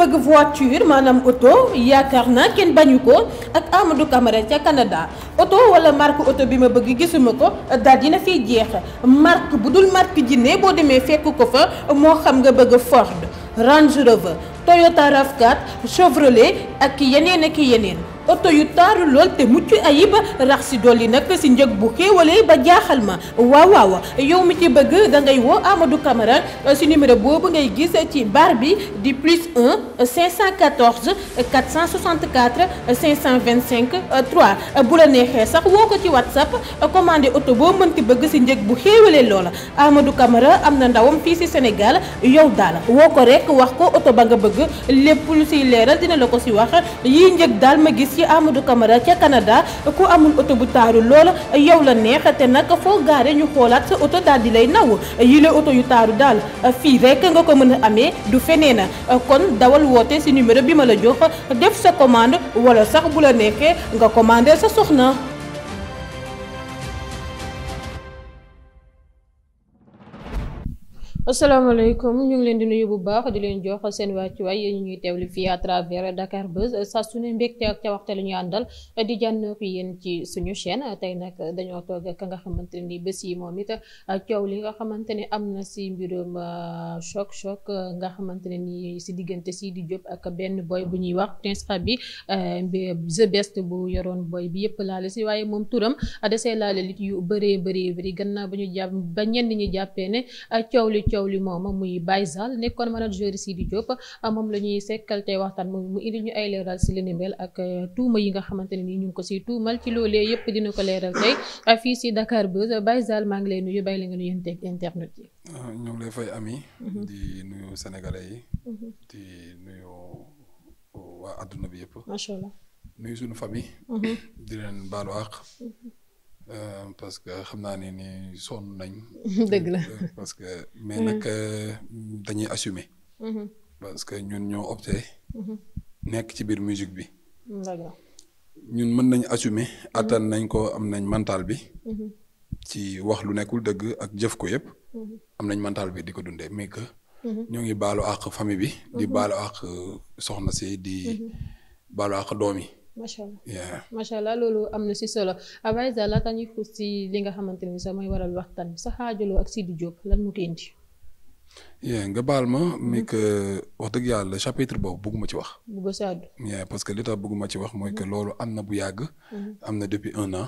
bëgg voiture maanaam oto yaakaar naa kenn bañu ko ak Amadou Camara ca Canada oto wala marque oto bi ma bëgg gisuma ko daal dina fiy jeex marque bu dul marque jinne boo demee fekk ko fa moo xam nga bëgg Ford Range Rover Toyota RAV4 Chevrolet ak yeneen ak yeneen. oto yu taaru lool te mucc ayib rax si dolli nag si njëg bu xéewalee ba jaaxal ma waaw waaw yow mi ci bëgg da ngay woo Amadou Camara si numéro boobu ngay gis ci bar bi di plus 1 514 464 525 3 bu la neexee sax woo ko ci WhatsApp commandé oto boo mën mënti bëgg si njëg bu xéewalee lool Amadou Camara am na ndawam fii si Sénégal yow daal woo ko rek wax ko oto ba nga bëgg lépp lu leeral dina la ko si wax yii njëg daal ma gis ci Amadou Camara ca Canada ku amul oto bu taaru lool yow la neex te nag foo gaare ñu xoolaat sa oto daal di lay naw yile oto yu taaru daal fii rek nga ko mën a amee du feneen kon dawal woote ci numéro bi ma la jox def sa commande wala sax bu la neexee nga commandé sa soxna. asalaamaaleykum ñu ngi leen di nuyu bu baax di leen jox seen wàccuwaay ñu ñuy teewlu fii à travers Dakar Buzz saa su ne mbégte ak ca waxte la ñu àndal di jànnook yéen ci suñu chaîne tey nag dañoo toog ka nga xamante ni bés yi moom it coow li nga xamante ne am na si mbirum ah, choc choc nga xamante ne nii si diggante si di Diop ak benn booy bu ñuy wax Prince Fabi eh, the best bu yoroon booy bi yëpp laale si waaye moom turam desee laale lit yu bëree bëri bëri gannaaw ba ñu jàpp ba ñenn ñi jàppee ne ah, coow li coow li moom muy Baye Zale nekkoon manager Sidi Diop moom la ñuy sekkal tey waxtaan moom mu indi ñu ay leeral si li ni ak euh, tuuma yi nga xamante ne nii ñu ngi ko siy tuumal ci loolee yëpp dina ko leeral tey euh, fii si Dakar Buzz Baye Zale maa ngi nuyu bàyyi la nga nuyoon teg internet yi. Ah, ñu ngi lay fay ami mm-hmm. di nuyu sénégalais yi. Mm-hmm. di nuyu waa adduna bi yëpp. macha allah nuyu suñu famille. Mm-hmm. di leen baalu Euh, parce que xam naa ne ni sonn nañ. dëgg la euh, parce que mais nag mm-hmm. euh, dañuy assumer. Mm-hmm. parce que ñun ñoo opté. Mm-hmm. nekk ci biir musique bi. Mm, ñun mën nañ assumer attan nañ ko am nañ mental bi. ci wax lu nekkul dëgg ak jëf ko yëpp. am nañ mental bi di ko dundee mais ñoo ngi baalu àq famille bi. di baalu àq soxna si di. baalu àq doom yi. macha macha allah loolu am na si solo Abayza laata ñuy xuus si li nga xamante ni sax mooy waral waxtaan bi sa xaajaloo ak Sidy Diop lan mu koy indi. yee nga baal ma mi mm-hmm. que wax dëgg yàlla chapitre boobu bëgguma ci wax. bëgg saa yee parce que li tax bëgguma ci wax mooy que mm-hmm. loolu am na bu yàgg. Mm-hmm. am na depuis un an.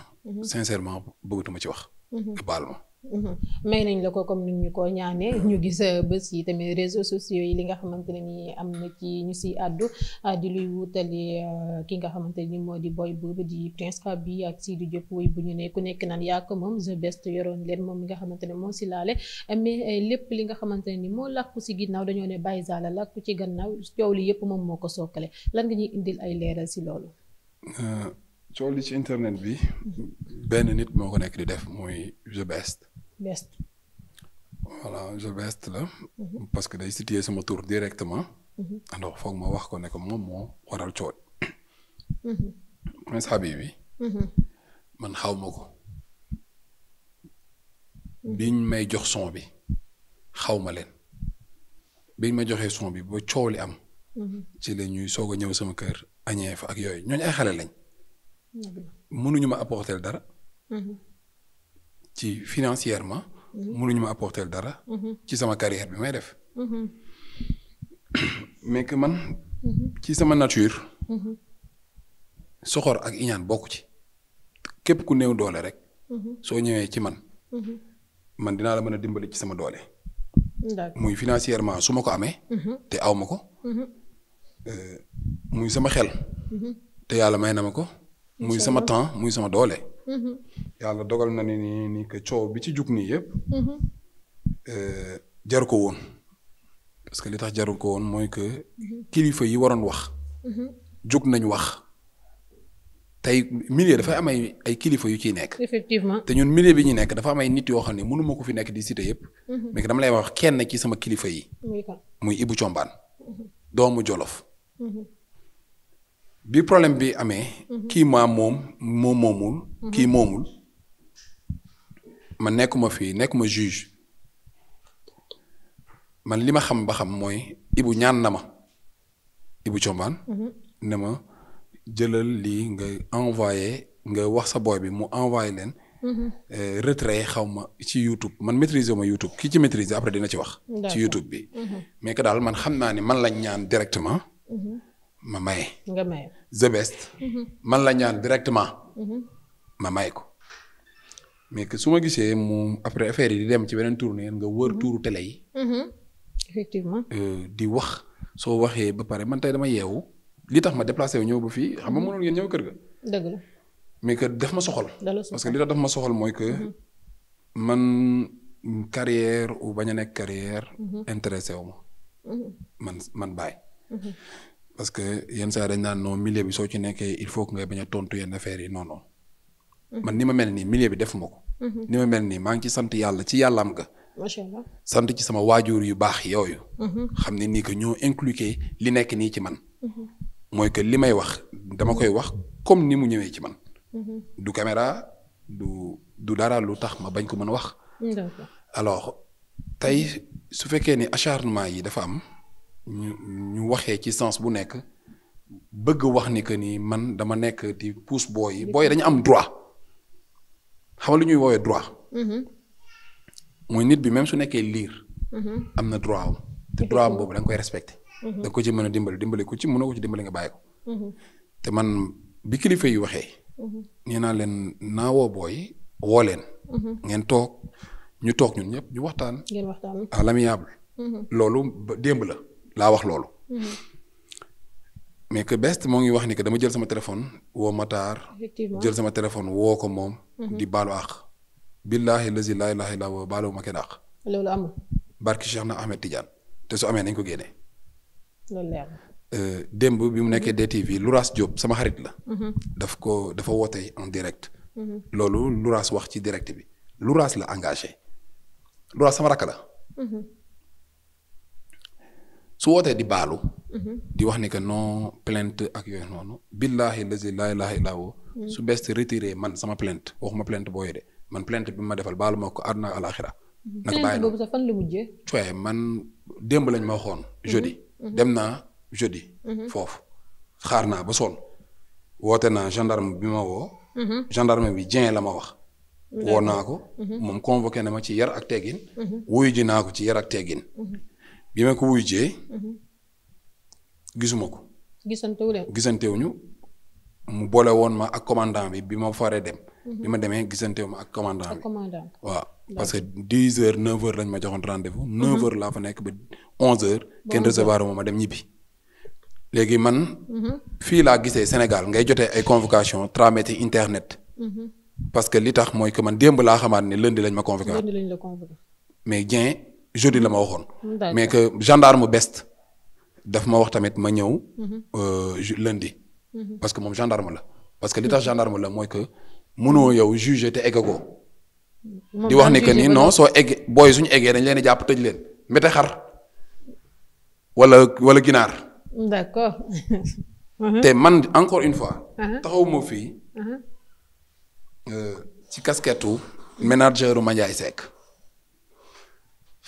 sincèrement bëggatuma ci wax. nga baal ma. Mhm. may nañ la ko comme ni ñu ko ñaanee ñu gis euh, bés yi tamit réseaux sociaux yi li nga xamante ne nii am na ci ñu siy àddu euh, di luy wutali euh, ki nga xamante ni moo di boy boobu di Prince Faby ak Sidy Diop woy bu ñu ne ku nekk naan yaa ko moom the yoroon leen moom mi nga xamante ne moo si laale mais lépp li nga xamante ne ni moo làkku si ginnaaw dañoo ne Baye Zala làkku ci gannaaw coow li yëpp moom moo ko sookale lan nga ñuy indil ay leeral si loolu. coow best. voilà je best la. Mhm. parce que day situé sama tur directement. ndax mhm. foog ma wax ko ne moom moo waral coow. Mhm. Prince Habib. man xaw ma ko. biñ may jox son bi xaw ma leen biñ ma joxee son bi ba coow li am. ci la ñuy soog a ñëw sama kër añee fa ak yooyu ñooñ ay xale lañ. mënuñu ma apporter dara. ci financièrement. Mhm. mënuñu ma apporter dara. Mhm. ci sama carrière bi may def. Mhm. mais que man. ci sama nature. soxor ak iñaan bokk ci. képp ku néew doole rek. soo ñëwee ci man. man dinaa la mën a dimbali ci sama doole. muy financièrement su ma ko amee. te aw ko. Euh, muy sama xel. te yàlla may na ma ko. muy sama temps muy sama doole. Mm-hmm. yàlla dogal na ni nii ni que coow bi ci jug nii yëpp. Mm-hmm. Eh, jaru ko woon parce que li tax jaru ko woon mooy que mm-hmm. kilifa yi waroon wax. jug nañu wax tey milieu dafay am ay ay kilifa yu ciy nekk. te ñun milieu bi ñu nekk dafa am nit yoo xam ne mënuma ko fi nekk di cité yëpp. mais dama lay wax kenn ci sama kilifa yi. muy Ibou Thiombane doomu Jolof. bi problème bi amee. Mhm. kii maa moom moo moomul. Mhm. kii moomul man nekkuma fii nekkuma juge man li ma xam ba xam mooy Ibu ñaan na ma Ibu Combaan. Mhm. ne ma jëlal lii nga envoyé nga wax sa boy bi mu envoyé leen. Euh, retrait xaw ma ci YouTube man maîtriser ma YouTube kii ci maitrise après dina ci wax. ci YouTube bi. mais que daal man xam naa ni man lañ ñaan directement. ma maye. nga mm-hmm. man la ñaan directement. Mm-hmm. ma may ko. mais que su ma gisee mu après affaire yi di dem ci beneen tournée nga wër mm-hmm. tuuru télé yi. effectivement. Euh, di wax soo waxee ba pare man tey dama yeewu li tax ma déplacé wu ñëw ba fii xam ma mënoon ngeen ñëw kër ga. dëgg la mais que daf ma soxol parce que li tax daf ma soxal mooy que man carrière ou bañ a nekk carrière. intéressé wu ma. man man bàyyi. parce que yenn saa dañ naan non milieu bi soo ci nekkee il faut que nga bañ a tontu yenn affaire yi non mhm. man ni ma mel nii milieu bi def ma ko. Mhm. ni ma mel nii maa ngi ci sant yàlla ci yàllaam ga. sant ci sama waajur yu baax yooyu. Mhm. xam ne nii que ñoo impliqué li nekk nii ci man. mooy que li may wax dama koy wax comme ni mu ñëwee ci man. du caméra du du dara lu tax ma bañ ko mën a wax. alors tey su fekkee ni acharnement yi dafa am. ñu ñu waxee ci sens bu nekk bëgg wax ni que nii man dama nekk di pousse booy yi booy dañu am droit xam lu ñuy woowee droit. Mm-hmm. mooy nit bi même su nekkee liir. Mm-hmm. am na droit am te droit am boobu da koy respecté. Mm-hmm. da nga ko ci mën a dimbali dimbali ko ci mënoo ko ci dimbali nga bàyyi ko. te man bi kilifa yi waxee. nee naa leen naawoo booy woo leen. ngeen toog ñu toog ñun ñëpp ñu waxtaan. ngeen waxtaan à l'amiable. loolu démb la. laa wax loolu. Mhm. mais que best moo ngi wax ni que dama jël sama téléphone woo Matar. jël sama téléphone woo ko moom. Mhm. di baalu àq. billaahi lazi laa ilaaha illaa huwa baalu ma kenn àq. barki Cheikh na Ahmed Tidiane te su amee nañ ko génnee. Euh, démb bi mu nekkee mhm. DTV Louras Diop sama xarit la. daf ko dafa woote en direct. loolu Louras wax ci direct bi Louras la engagé Louras sama rakk la. su wootee di baalu. Mhm. di wax ni que non plainte ak yooyu noonu. billahi lazi laa ilaaha illaa hu mhm. su best retiré man sama plainte waxuma plainte booyee de man plainte bi ma defal baalu ma ko àdduna ak alaaxira mhm. naka bàyyi boobu sax man démb lañ ma waxoon. jeudi. dem naa jeudi. foofu xaar naa ba sol woote naa gendarme bi ma woo. gendarme bi Dieng la ma wax. woo naa ko. moom convoqué na ma ci yar ak teggin. wuyu ji naa ko ci yar ak teggin. bi ma ko wuy mhm. gisuma ko. gisantewuñu mu boole woon ma ak commandant bi bi ma foree dem. Mhm. bi ma demee gisantewu ma ak commandant bi. waaw parce que dix heures neuf heures lañ ma joxoon rendez-vous. Mhm. neuf heures laa fa nekk ba onze heures. kenn recevoir moo ma dem ñibbi. léegi man. fii laa gisee Sénégal ngay jotee ay convocation tramite internet. parce que li tax mooy que man démb laa xamaat ne lundi lañ ma convoqué. mais Dieng jeudi la ma waxoon. mais que gendarme best daf ma wax tamit ma ñëw. Euh, lundi. Mhm. parce que moom gendarme la. parce que li tax mhm. gendarme la mooy que mënoo yow juger te eggagoo. di wax ni que ni non soo egg booy suñu eggee dañ leen di jàpp tëj leen mbete xar wala wala ginaar. Mhm. te man encore une fois. taxawuma fii. Euh, ci casquette u ménageur Mandiaye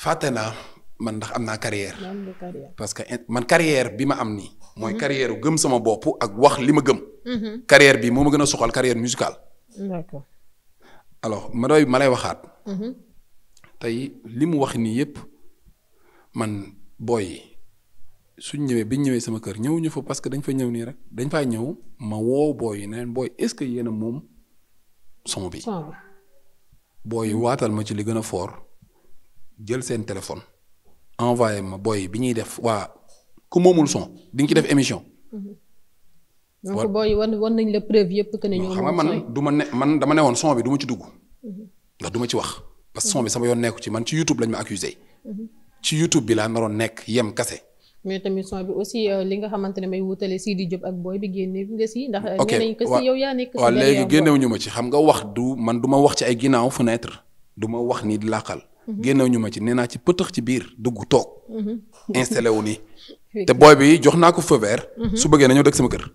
fàtte naa man ndax am naa carrière parce que man carrière bi ma am nii. mooy mhm. carrière gëm sama bopp ak wax li ma gëm. Mhm. carrière bi moom ma gën a soxal carrière musicale. d'accord alors ma doy ma lay waxaat. Mhm. tey li mu wax nii yépp man booy yi suñ ñëwee biñ ñëwee sama kër ñëwuñu fa parce que dañ fa ñëw nii rek dañ fa ñëw ma woo booy yi ne leen booy est-ce que yéen a moom son bi. booy yi waatal ma ci li gën a foor jël seen téléphone envoyé ma booy bi ñuy def waa ku moomul son di ci def émission. donc booy wan wan nañ la preuve yëpp que ne ñoo xam nga man du ma man dama ne woon son bi du ci dugg. Mhm. ndax du ci wax. parce que son mhm. sama yoon nekku ci man ci YouTube lañ ma accusé. Mhm. ci bi laa naroon nekk yem kase. mais tamit bi aussi euh, li nga xamante ne may wutale Sidi Diop ak booy bi génne nga si ndax. ok waaw yow yaa nekk si waaw léegi ma ci xam nga wax du man duma wax ci ay ginnaaw fenêtre du ma wax nii di làqal Mhm. ñu ma ci nee naa ci pëtëx ci biir dugg toog. Mhm. installé wu nii. te booy bi jox naa ko feu vert. Mhm. su bëggee na ñëw dëkk sama kër.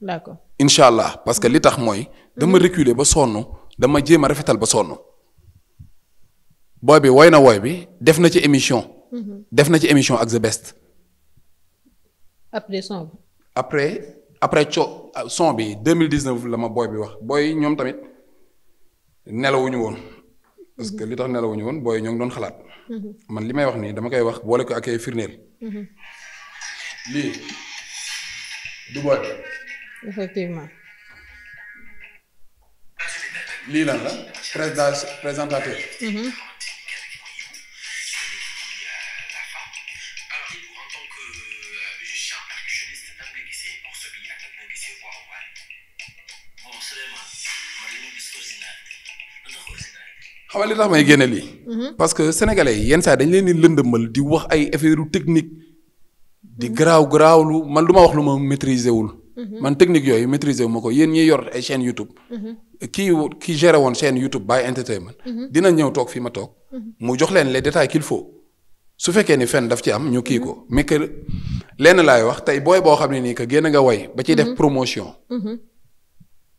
d'accord allah parce que li tax mooy. dama reculer ba sonn dama jéem a rafetal ba sonn. booy bi woy na woy bi def na ci émission. def na ci émission ak The Best. après son. après après co son bi 2019 la ma booy bi wax booy ñoom tamit nelawuñu woon. parce que li tax nelawuñu woon booy ñoo ngi doon xalaat. Mm-hmm. man li may wax nii dama koy wax boole ko ak ay mm-hmm. lii du booy. effectivement. lii lan la président présentateur. Mm-hmm. xamal li tax may génne lii. Mhm. parce que sénégalais yi yenn saa dañ leen di lëndëmal di wax ay affaire technique. di mhm. garaaw garaawlu man lu ma wax lu ma maîtriser wul. Mhm. man technique yooyu maîtriser wu ma ko yéen ñiy yor ay chaîne YouTube. kii kii géré woon chaîne YouTube Baye Entertainment. dina ñëw toog fii ma toog. mu jox leen les détails qu'il faut. su fekkee ni fen daf ci am ñu kii ko mais que lenn laay wax tey booy boo xam ne nii que génn nga way. ba ciy def promotion.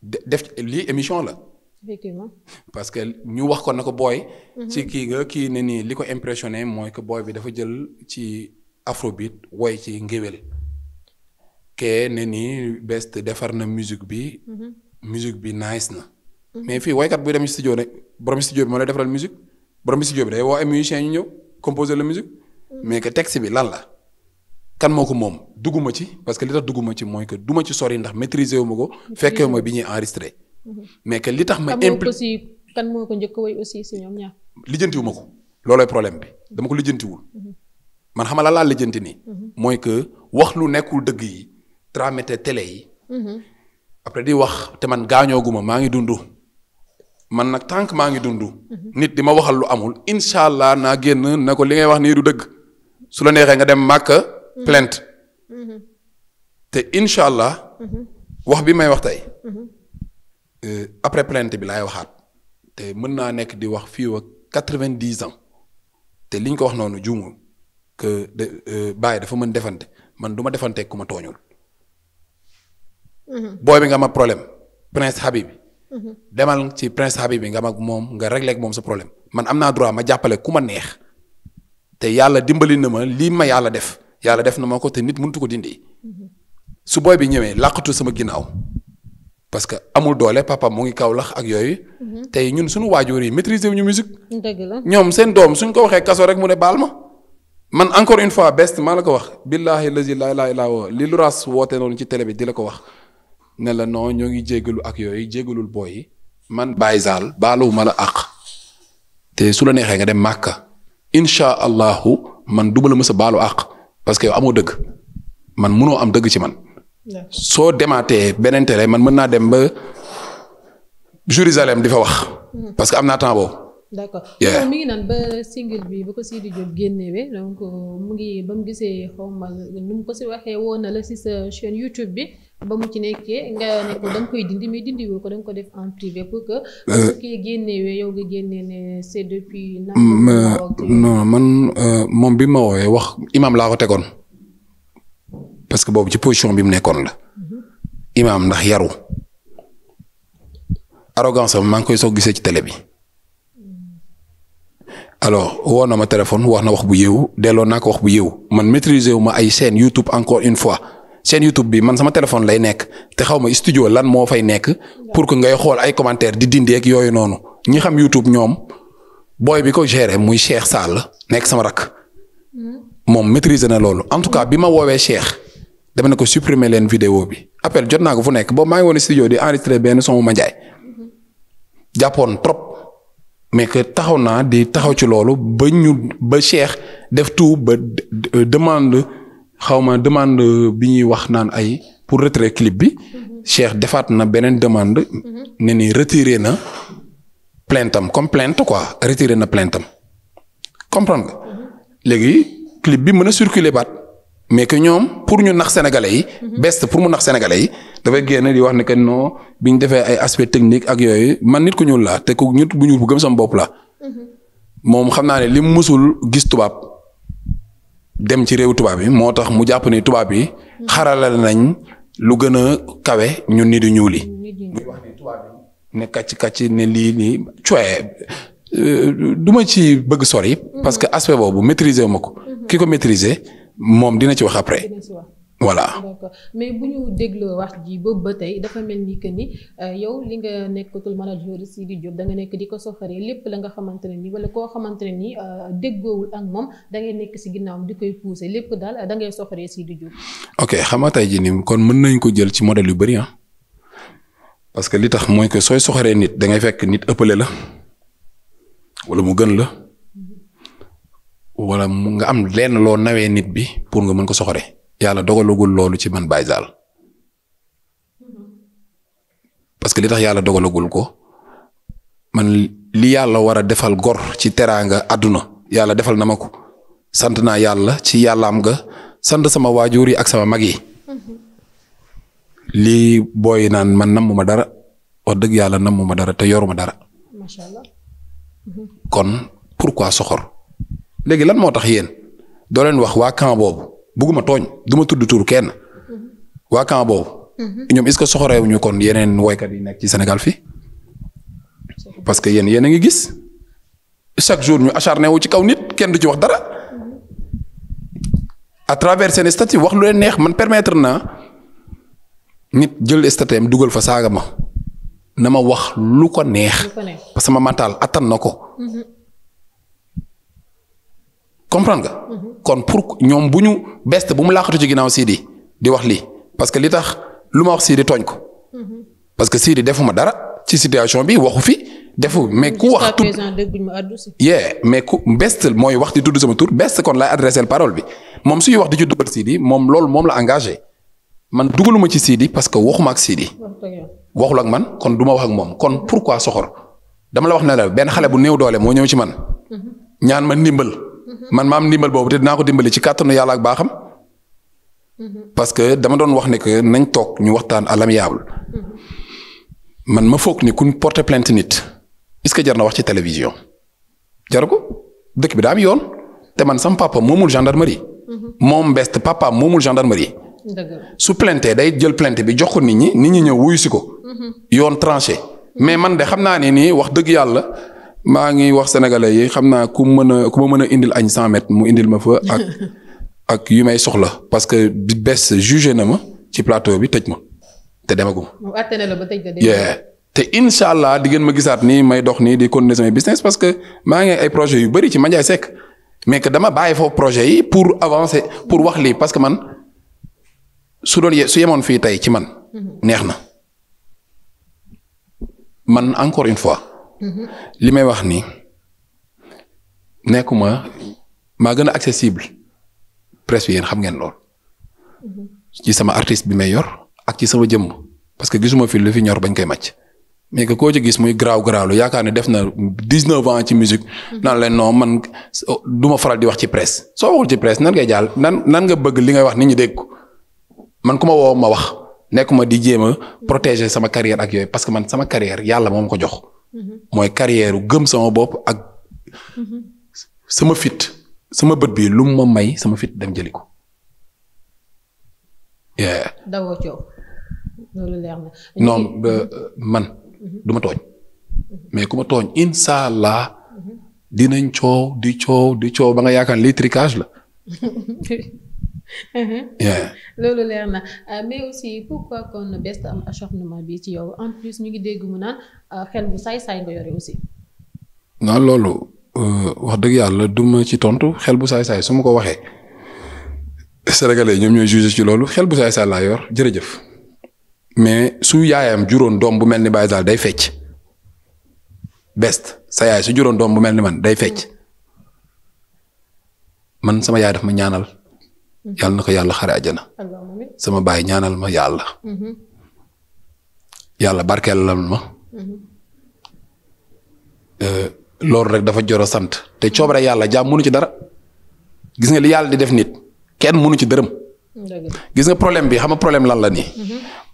def lii émission la. effectivement parce que ñu wax ko na ko booy. Mhm. ci kii nga kii ne nii li ko impressionné mooy que booy bi dafa jël ci afrobeat woy ci ngéwél kee ne nii best defar na musique bi. Mhm. musique bi nice na. Mhm. mais fii woykat buy dem studio rek borom studio bi moo lay defaral musique borom studio bi day woo ay musiciens ñu ñëw composer la musique. mais que texte bi lan la. kan moo ko moom dugguma ci parce que li tax dugguma ci mooy que duma ci sori ndax maîtriser wu ma ko. fekkee ma bi ñuy enregistré. mais que li tax ma. impli kan moo ko njëkk a aussi si ñoom ñaar. lijjantiwuma ko loolooy problème bi dama ko lijjantiwul. man xam la laa lijjanti nii. mooy que wax lu nekkul dëgg yi tramite télé yi. après di wax te man gaañooguma maa ngi dundu man nag tànk maa ngi dundu nit di ma waxal lu amul incha allah naa génn na ko li ngay wax nii du dëgg. su la neexee nga dem màkk plainte. Mhm. te incha allah. wax bi may wax tey. Euh, après plainte bi laay waxaat te mën naa nekk di wax fii wa quatre-vingt-dix ans te liñ ko wax noonu juumoo que de euh, Baye dafa mën defante man duma ma defante ku ma tooñul. Mm-hmm. booy bi nga am problème Prince Habib. Mm-hmm. demal ci Prince Habib bi nga mag moom nga réglé ak moom sa problème man am naa droit ma jàppale ku ma neex te yàlla dimbali na ma lii ma yàlla def yàlla def na ma ko te nit mëntu ko dindi. Mm-hmm. su booy bi ñëwee làqatu sama ginnaaw parce que amul doole papa mu ngi Kaolack ak yooyu. Mhm. tey ñun suñu waajur yi maîtriser wu ñu musique. dëgg ñoom seen doom suñ ko waxee kaso rek mu ne baal ma. man encore une fois best maa la ko wax billaahi la laa ilaaha illaa huwa li lu ras woote noonu ci télé bi di la ko wax ne la noo ñoo ngi jéggalu ak yooyu jéggalul booy man Baye Zal baaluwuma la àq te su la neexee nga dem Màkka incha allahu man duma la mës a baalu àq parce que amoo dëgg man munoo am dëgg ci man. soo demaatee beneen télé man mën naa dem ba Jérusalem di fa wax. Hmm. parce que am naa temps boobu. d'accord mi ngi naan ba single bi ba ko Sidi Diop génnewee donc euh, mu ngi ba mu gisee xaw ma nu ko si waxee woon na si sa chaîne YouTube bi ba ci nekkee nga ne ko da koy dindi mais dindi woo ko da ko def en privé pour que. Euh, su kii génnewee yow nga génnee ne c'est depuis. Euh, non man moom bi ma woowee wax imam laa ko tegoon. parce que boobu ci position bi mu nekkoon la imaam ndax yaru arrogance am maa ngi koy soo gisee ci télé bi alors woo na ma téléphone wax na wax bu yéew delloo naa ko wax bu yéew man maîtriser wu ma ay chaîne YouTube encore une fois chaîne YouTube bi man sama téléphone lay nekk te xaw ma studio lan moo fay nekk pour que ngay xool ay commentaire di dindi ak yooyu noonu ñi xam YouTube ñoom booy bi ko géré muy Cheikh Sall nekk sama rak hmm. moom maîtriser na loolu en tout cas bi ma woowee Cheikh. dama ne ko supprimer leen vidéo bi appel jot naa ko fu nekk boobu maa ngi woon studio di enregistré benn son ma jaay jàppoon trop mais que taxaw naa di taxaw ci loolu ba ñu ba Cheikh def tout ba demande xawma demande bi ñuy wax naan ay pour retirer clip bi Cheikh defaat na beneen demande ne nii retirer na plainte am comme plainte quoi retirer na plainte am léegi clip bi mën a circuler baat. mais que ñoom pour ñu nax sénégalais yi. best pour mu nax sénégalais yi dafay génn di wax ne que non bi ñu defee ay aspect technique ak yooyu man nit ku ñuul laa te ku nit bu ñuul bu sama bopp moom xam naa ne li mu musul gis tubaab dem ci réew tubaab yi moo tax mu jàpp ni tubaab yi. xaralal nañ lu gën a kawe ñu ñuul yi. muy wax ne tubaab yi ne kàcc lii nii cuwee euh, du ma ci bëgg sori. parce que aspect boobu maîtriser wu ma ko. ki ko maîtriser. moom dina ci wax après. voilà d'accord mais bu ñu dégloo wax ji boobu ba tey dafa mel ni que ni euh, yow li nga nekkatul manager Sidy Diop da nga nekk di ko soxaree lépp la nga xamante ne nii wala koo xamante ne nii euh, déggoowul ak moom da ngay nekk si ginnaawam di koy pousser lépp daal dangay ngay soxaree di Diop. ok xam nga tey jii ni kon mën nañ ko jël ci modèle yu bëri ah parce que li tax mooy que sooy soxaree nit da ngay fekk nit ëppale la wala mu gën la. wala nga am lenn loo nawee nit bi pour nga mën ko soxore yàlla dogalagul loolu ci man Baye Zale que li tax yàlla dogalagul ko man li yàlla war a defal gor ci teraanga àdduna yàlla defal na ma ko sant naa yàlla ci yàllaam nga sant sama waajur yi ak sama mag yi lii booy naan man namm ma dara wax dëgg yàlla namm ma dara te yoruma dara. kon pourquoi soxor. léegi lan moo tax yéen doo leen wax waa camp boobu bugguma tooñ du ma tudd tur kenn waa camp boobu. Mhm. ñoom est-ce que soxorewuñu kon yeneen woykat yi nekk ci Sénégal fii parce que yéen yéen a ngi gis chaque jour ñu acharné wu ci kaw nit kenn du ci wax dara à travers seen statut wax lu leen neex man permettre naa nit jël statut am dugal fa saaga ma na ma wax lu ko neex. parce que ma mental attan na ko. Mhm. comprendre nga. Mhm. kon pour ñoom bu ñu best bu mu laaxatu ci ginnaaw Sidi di wax lii parce que li tax lu ma wax Sidi tooñ ko. Mhm. parce que Sidi defuma dara ci situation bi waxu fi. defu mhm. mais ku wax tout yeah mais mooy wax di tudd sama tur best kon laay adressé parole bi moom suy wax di ci dugal Sidi moom loolu moom la engagé man dugaluma ci Sidi parce que waxuma ak Sidi. waxul ak man kon du ma wax ak moom kon pour quoi soxor dama la wax ne benn xale bu néew doole moo ñëw ci man. Mhm. man maam ndimbal boobu te dinaa ko dimbali ci kàttanu yàlla ak baaxam. Mhm. parce que dama doon wax ne que nañ toog ñu waxtaan à mhm. man ma foog ni kuñ porter plainte nit est-ce que jar na wax ci télévision jar ko dëkk bi daa yoon te man sam papa moomul gendarmerie. moom best papa moomul gendarmerie. su plainte day jël plainte bi jox ko nit ñi nit ñi ñëw wuyu ko. yoon tranché mais man de xam naa ne nii wax dëgg yàlla maa ngi wax sénégalais yi xam naa ku mën a ku ma mën a indil añ cent mètres mu indil ma fa ak ak yu may soxla parce que bi bés jugé na ma ci plateau bi tëj ma te demaguma. mu àtte la ba te incha allah di ngeen ma gisaat nii may dox nii di continuer sama business parce que maa ngi ay projets yu bëri ci Mandiaye Seck mais que dama bàyyi foofu projet yi pour avancer pour wax lii parce que man su doon su yemoon fii tey ci man. Mm-hmm. neex na man encore une fois. li may wax ni nekkuma maa gën a accessible presse bi yéen xam ngeen lool. ci sama artiste bi may yor ak ci sama jëmm parce que gisuma fi lu fi ñor bañ koy màcc. mais que koo ci gis muy garaaw garaawlu yaakaar ne def na dix neuf ans ci musique naan leen non man du ma faral di wax ci presse soo waxul ci presse nan ngay jàll nan nan nga bëgg li ngay wax nit ñu dégg ko man ku ma woo ma wax nekkuma di jéem a protéger sama carrière ak yooyu parce que man sama carrière yàlla moom ko jox. Mm-hmm. mooy carrière gëm sama bopp ak mm-hmm. sama fit sama bët bii lu mu ma may sama fit dem jëli ko. dawoo coow mm-hmm. man du tooñ. mais ku ma tooñ incha dinañ coow di coow di coow ba nga yaakaar lii la. loolu leer na euh, mais aussi pourquoi kon best am acharnement bi ci yow en ñu ngi dégg mu naan euh, xel bu saay-saay nga yore aussi. naa loolu euh, wax dëgg yàlla duma ci tontu xel bu saay su ma ko waxee sénégalais ñoom ñooy jugé ci loolu xel bu saay-saay yor jërëjëf. mais su yaayam juróon doom bu mel ni Baye daal day fecc best sa yaay su juróon doom bu mel ni man day fecc man sama yaay daf ma ñaanal. Mm-hmm. yàlla na ko yàlla xare àjjana sama baay ñaanal ma yàlla mm-hmm. yàlla barkeelal ma mm-hmm. euh, loolu rek dafa joro sant te coobare yàlla jaam mënu ci dara gis nga li yàlla di def nit kenn mënu ci dërëm gis nga problème bi xam nga problème lan la nii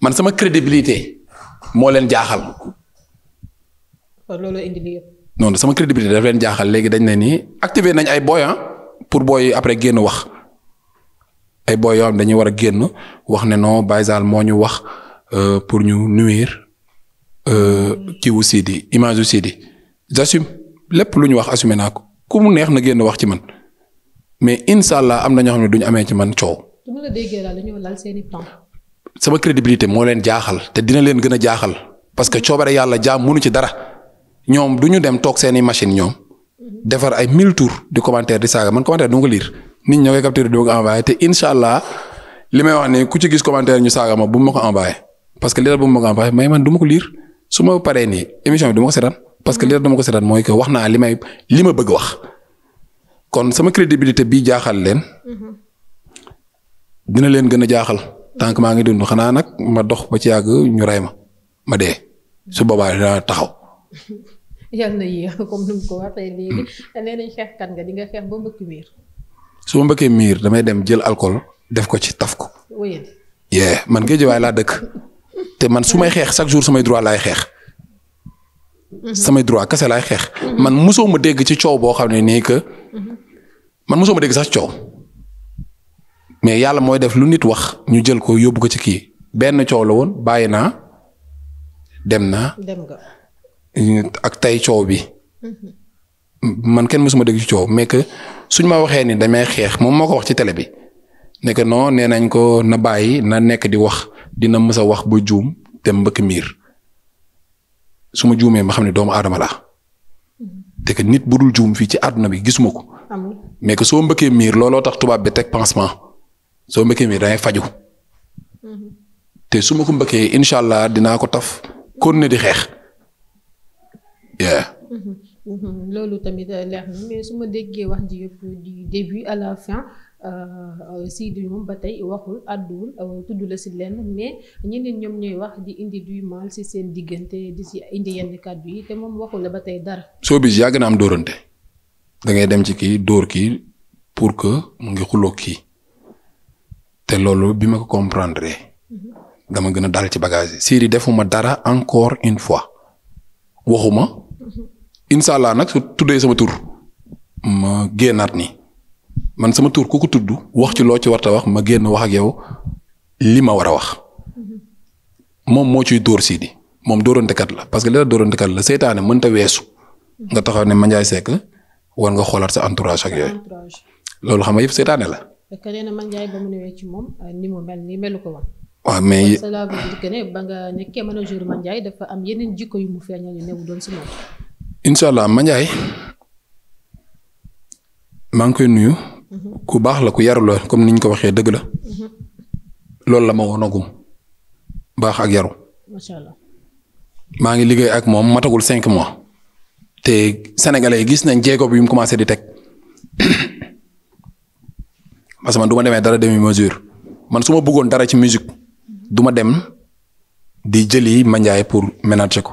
man sama crédibilité moo leen jaaxal loolu indi lii non sama crédibilité daf leen jaaxal léegi dañ ne nii activé nañ ay booy ah, pour booy après génn wax ay booy yoo xam dañuy war a génn wax ne noo Baye moo ñu wax euh, pour ñu nuire euh, kiiwu Sidi image yu Sidi j'assume lépp lu ñu wax assumé naa ko ku neex na génn wax ci man mais incha allah am na ñoo xam ne du ñu amee ci man coow. dama la déggee sama crédibilité moo leen jaaxal te dina leen gën a jaaxal parce que coobare yàlla jaam mënu ci dara ñoom du ñu dem toog seeni machine ñoom mm-hmm. defar ay mille tours di commentaire di saaga man commentaire du ma ko lire nit ñoo koy capturé doo ko envoyé te incha allah li may wax ni ku ci gis commentaire ñu saaga ma bu ma ko envoyé parce que li daal bu ma ko envoyé may man du ma ko liir su ma paree nii émission bi du ma ko seetaan parce que li du ma ko seetaan mooy que wax naa li may li ma bëgg wax kon sama crédit crédibilité bii jaaxal leen dina leen gën a jaaxal tant maa ngi dund xanaa nag ma dox ba ci yàgg ñu ray ma ma dee su boobaa dinaa taxaw. su ma mbëkkee miir damay dem jël alcool def ko ci taf ko. yee man géejewaay laa dëkk. te man su may xeex chaque jour samay droit laay xeex. samay droit kese laay xeex. man mosoo ma dégg ci coow boo xam ne nii que. man mosoo ma dégg sax coow. mais yàlla mooy def lu nit wax ñu jël ko yóbbu ko ci kii benn coow la woon bàyyi naa dem naa. ak tey coow bi. Mhm. man kenn mosuma dégg ci coow mais que suñ ma waxee ni damay xeex moom moo ko wax ci tele bi ne que non nee nañ ko na bàyyi na nekk di wax dina mës wax ba juum te mbëkk miir su ma juumee ma xam ne doomu aadama la te nit bu dul juum fii ci àdduna bi gisuma ko. mais que soo mbëkkee miir looloo tax tubaab bi teg pansement soo mbëkkee miir dangay faju mm-hmm. te su ma ko mbëkkee incha allah dinaa ko taf kon ne di xeex. Mm-hmm. Mhm, loolu tamit euh, leer na mais su ma déggee wax ji yëpp du début à la fin euh, euh, Sidi moom ba tey waxul àdduwul tudd la si lenn mais ñeneen ñoom ñooy wax di indi du mal si seen diggante di si indi yenn kàddu yi te moom waxul ba tey dara. showbiz yàgg na am dóorante da ngay dem ci kii dóor ki pour que mu ngi xuloo kii te loolu bi ma ko comprendre mhm. dama gën a dal ci bagage yi. Sidi defuma dara encore une fois waxuma. incha allah nag su tuddee sama tur ma génnaat ni man sama tuur ku ko tudd wax ci loo ci warta wax ma génn wax ak yow li ma war a wax moom moo ciy dóor di moom dóorantekat la parce que li la dóorantekat la seytaane mënta weesu. nga taxaw ne Mandiaye Seck war nga xoolaat sa entourage ak yooyu. loolu xam nga yëpp seytaane la. Euh, waaw mais cela veut dire que ne ba nga nekkee manager Mandiaye dafa am yeneen jikko yu mu feeñal yu néew doon si moom. incha allah Mandiaye maa ngi koy nuyu. Mm-hmm. ku baax la ku yaru la comme ni ñu ko waxee dëgg la. Mm-hmm. loolu la ma wonagum baax ak yaru. maa ngi liggéey ak moom matagul cinq mois. te sénégalais gis nañ jéego bi mu commencé di teg parce que man du demee dara demi mesure man su ma bëggoon dara ci musique mm-hmm. du ma dem di jëli Mandiaye pour ménager ko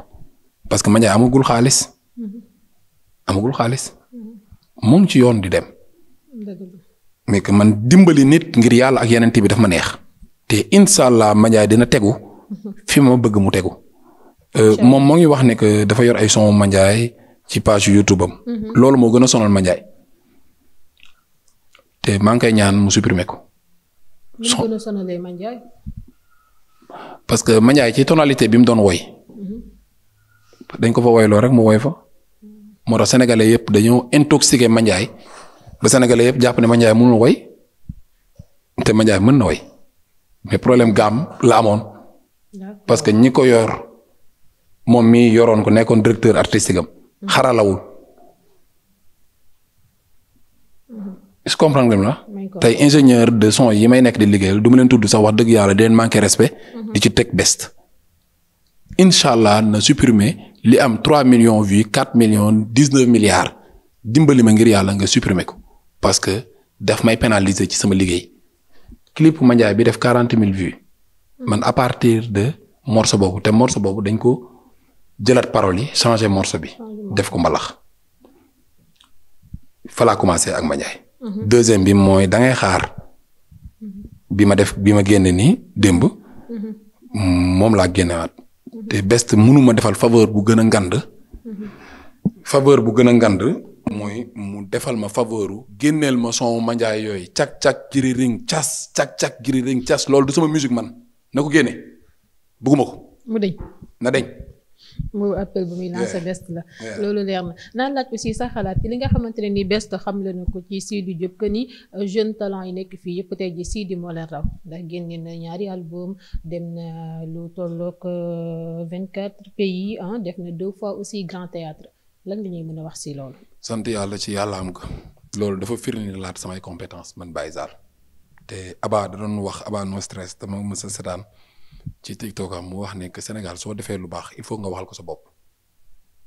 parce que Mandiaye amagul xaalis. Mm-hmm. amagul xaalis mm-hmm. mu ci yoon di dem. mais que man dimbali nit ngir yàlla ak yeneen bi daf ma neex. te incha allah dina tegu. Mm-hmm. fi ma bëgg mu tegu. Euh, moom moo ngi wax ne que dafa yor ay son Mandiaye ci page YouTube am. loolu moo gën a sonal Mandiaye. te maa ngi koy ñaan mu supprimer ko. son parce que Mandiaye ci tonalité bi mu doon woy. dañ ko fa woyloo rek mu woy fa moo tax sénégalais yëpp dañoo intoxiqué Mandiaye ba sénégalais yëpp jàpp ne Mandiaye mënul woy te Mandiaye mën na woy mais problème gaam la amoon parce que ñi ko yor moom mii yoroon ko nekkoon directeur artistique am mm-hmm. xaralawul mm-hmm. est-ce que tey ingénieur de son yi may nekk di liggéeyal du ma leen tudd sax wax dëgg yàlla di leen manqué respect mm-hmm. di ci teg best incha allah na supprimer li am 3 millions vues 4 millions 19 milliards dimbali ma ngir yàlla nga supprimer ko parce que daf may pénaliser ci sama liggéey kilipu Mandiaye bi def quarante mille vues man à partir de morceau boobu te morceau boobu dañ ko jëlaat paroles yi changer morceau bi def ko mbalax falaa laa commencé ak Mandiaye. Mhm. deuxième bi mooy da ngay xaar mhm. bi ma def bi ma génne nii démb. Mhm. moom laa génnewaat te best mënuma defal faveur bu gën a ngand faveur bu gën a ngand mooy mu defal ma faveur génneel ma son manjaay yooyu cak cak giri cas cak cak giri cas loolu du sama musique man na ko génne bëgguma ko. mu deñ na deñ. mooy appel bu muy lancé best la loolu leer na naan laaj si sax xalaat ci li nga xamante ne ni best xam la na ko ci Sidy Diop que ni euh, jeune talent yi nekk fii yëpp tey ji Sidy moo leen raw ndax génne na ñaari album dem na lu tollook euh, tolloog 24 pays ah def na deux fois aussi grand théâtre lan la ñuy mën a wax si loolu sant yàlla ci yàlla am ko loolu dafa firni laat samay compétence man Baye Zall te Aba da doon wax Aba no stress dama mës a setaan ci TikTok am mu wax ne que Sénégal soo defee lu baax il faut nga waxal ko sa bopp.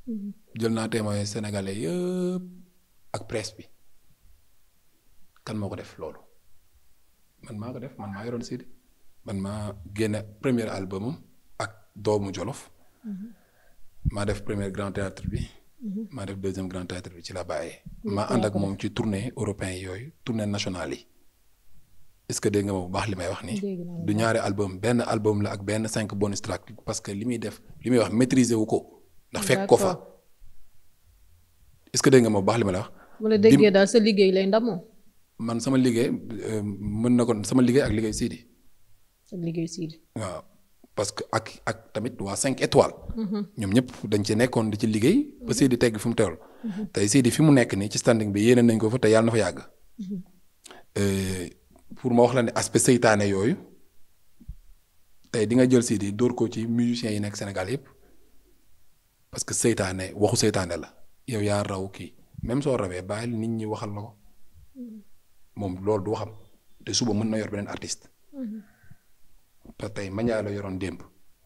Mm-hmm. jël naa témoin sénégalais yëpp ak presse bi kan moo ko def loolu man maa ko def man maa yoroon Sidy man maa génne premier albumam ak doomu Jolof. Mm-hmm. maa def premier grand théâtre bi. Mm-hmm. maa def deuxième grand théâtre bi ci la bàyyee. maa ànd ak moom ci tournée européen yooyu tournée nationale yi. est-ce que dégg nga ma bu baax li may wax nii. du ñaari album benn album la ak benn cinq bonus track parce que li muy def li muy wax maîtriser wu ko. ndax fekk ko fa est-ce que dégg nga ma bu baax li ma la wax. wala déggee daal sa liggéey lay ndamoo. man sama liggéey euh, mën na ko sama liggéey ak liggéey Sidi. ak waaw parce que ak ak tamit waa cinq étoiles. Mm-hmm. ñoom ñëpp dañ ci nekkoon di ci liggéey. ba mm-hmm. di tegg fi mu teewal. Mm-hmm. tey Sidi fi mu nekk nii ci standing bi yéene nañ ko te yàlla na fa pour ma wax la ne aspect seytaane yooyu tey di nga jël Sidy dóor ko ci musiciens yi nekk Sénégal yëpp parce que seytaane waxu seytaane la yow yaa raw kii même soo rawee bàyyil nit ñi waxal na ko moom loolu du waxam te suba mën na yor beneen artiste. Mm-hmm. parce que tey Mandiaye la yoroon démb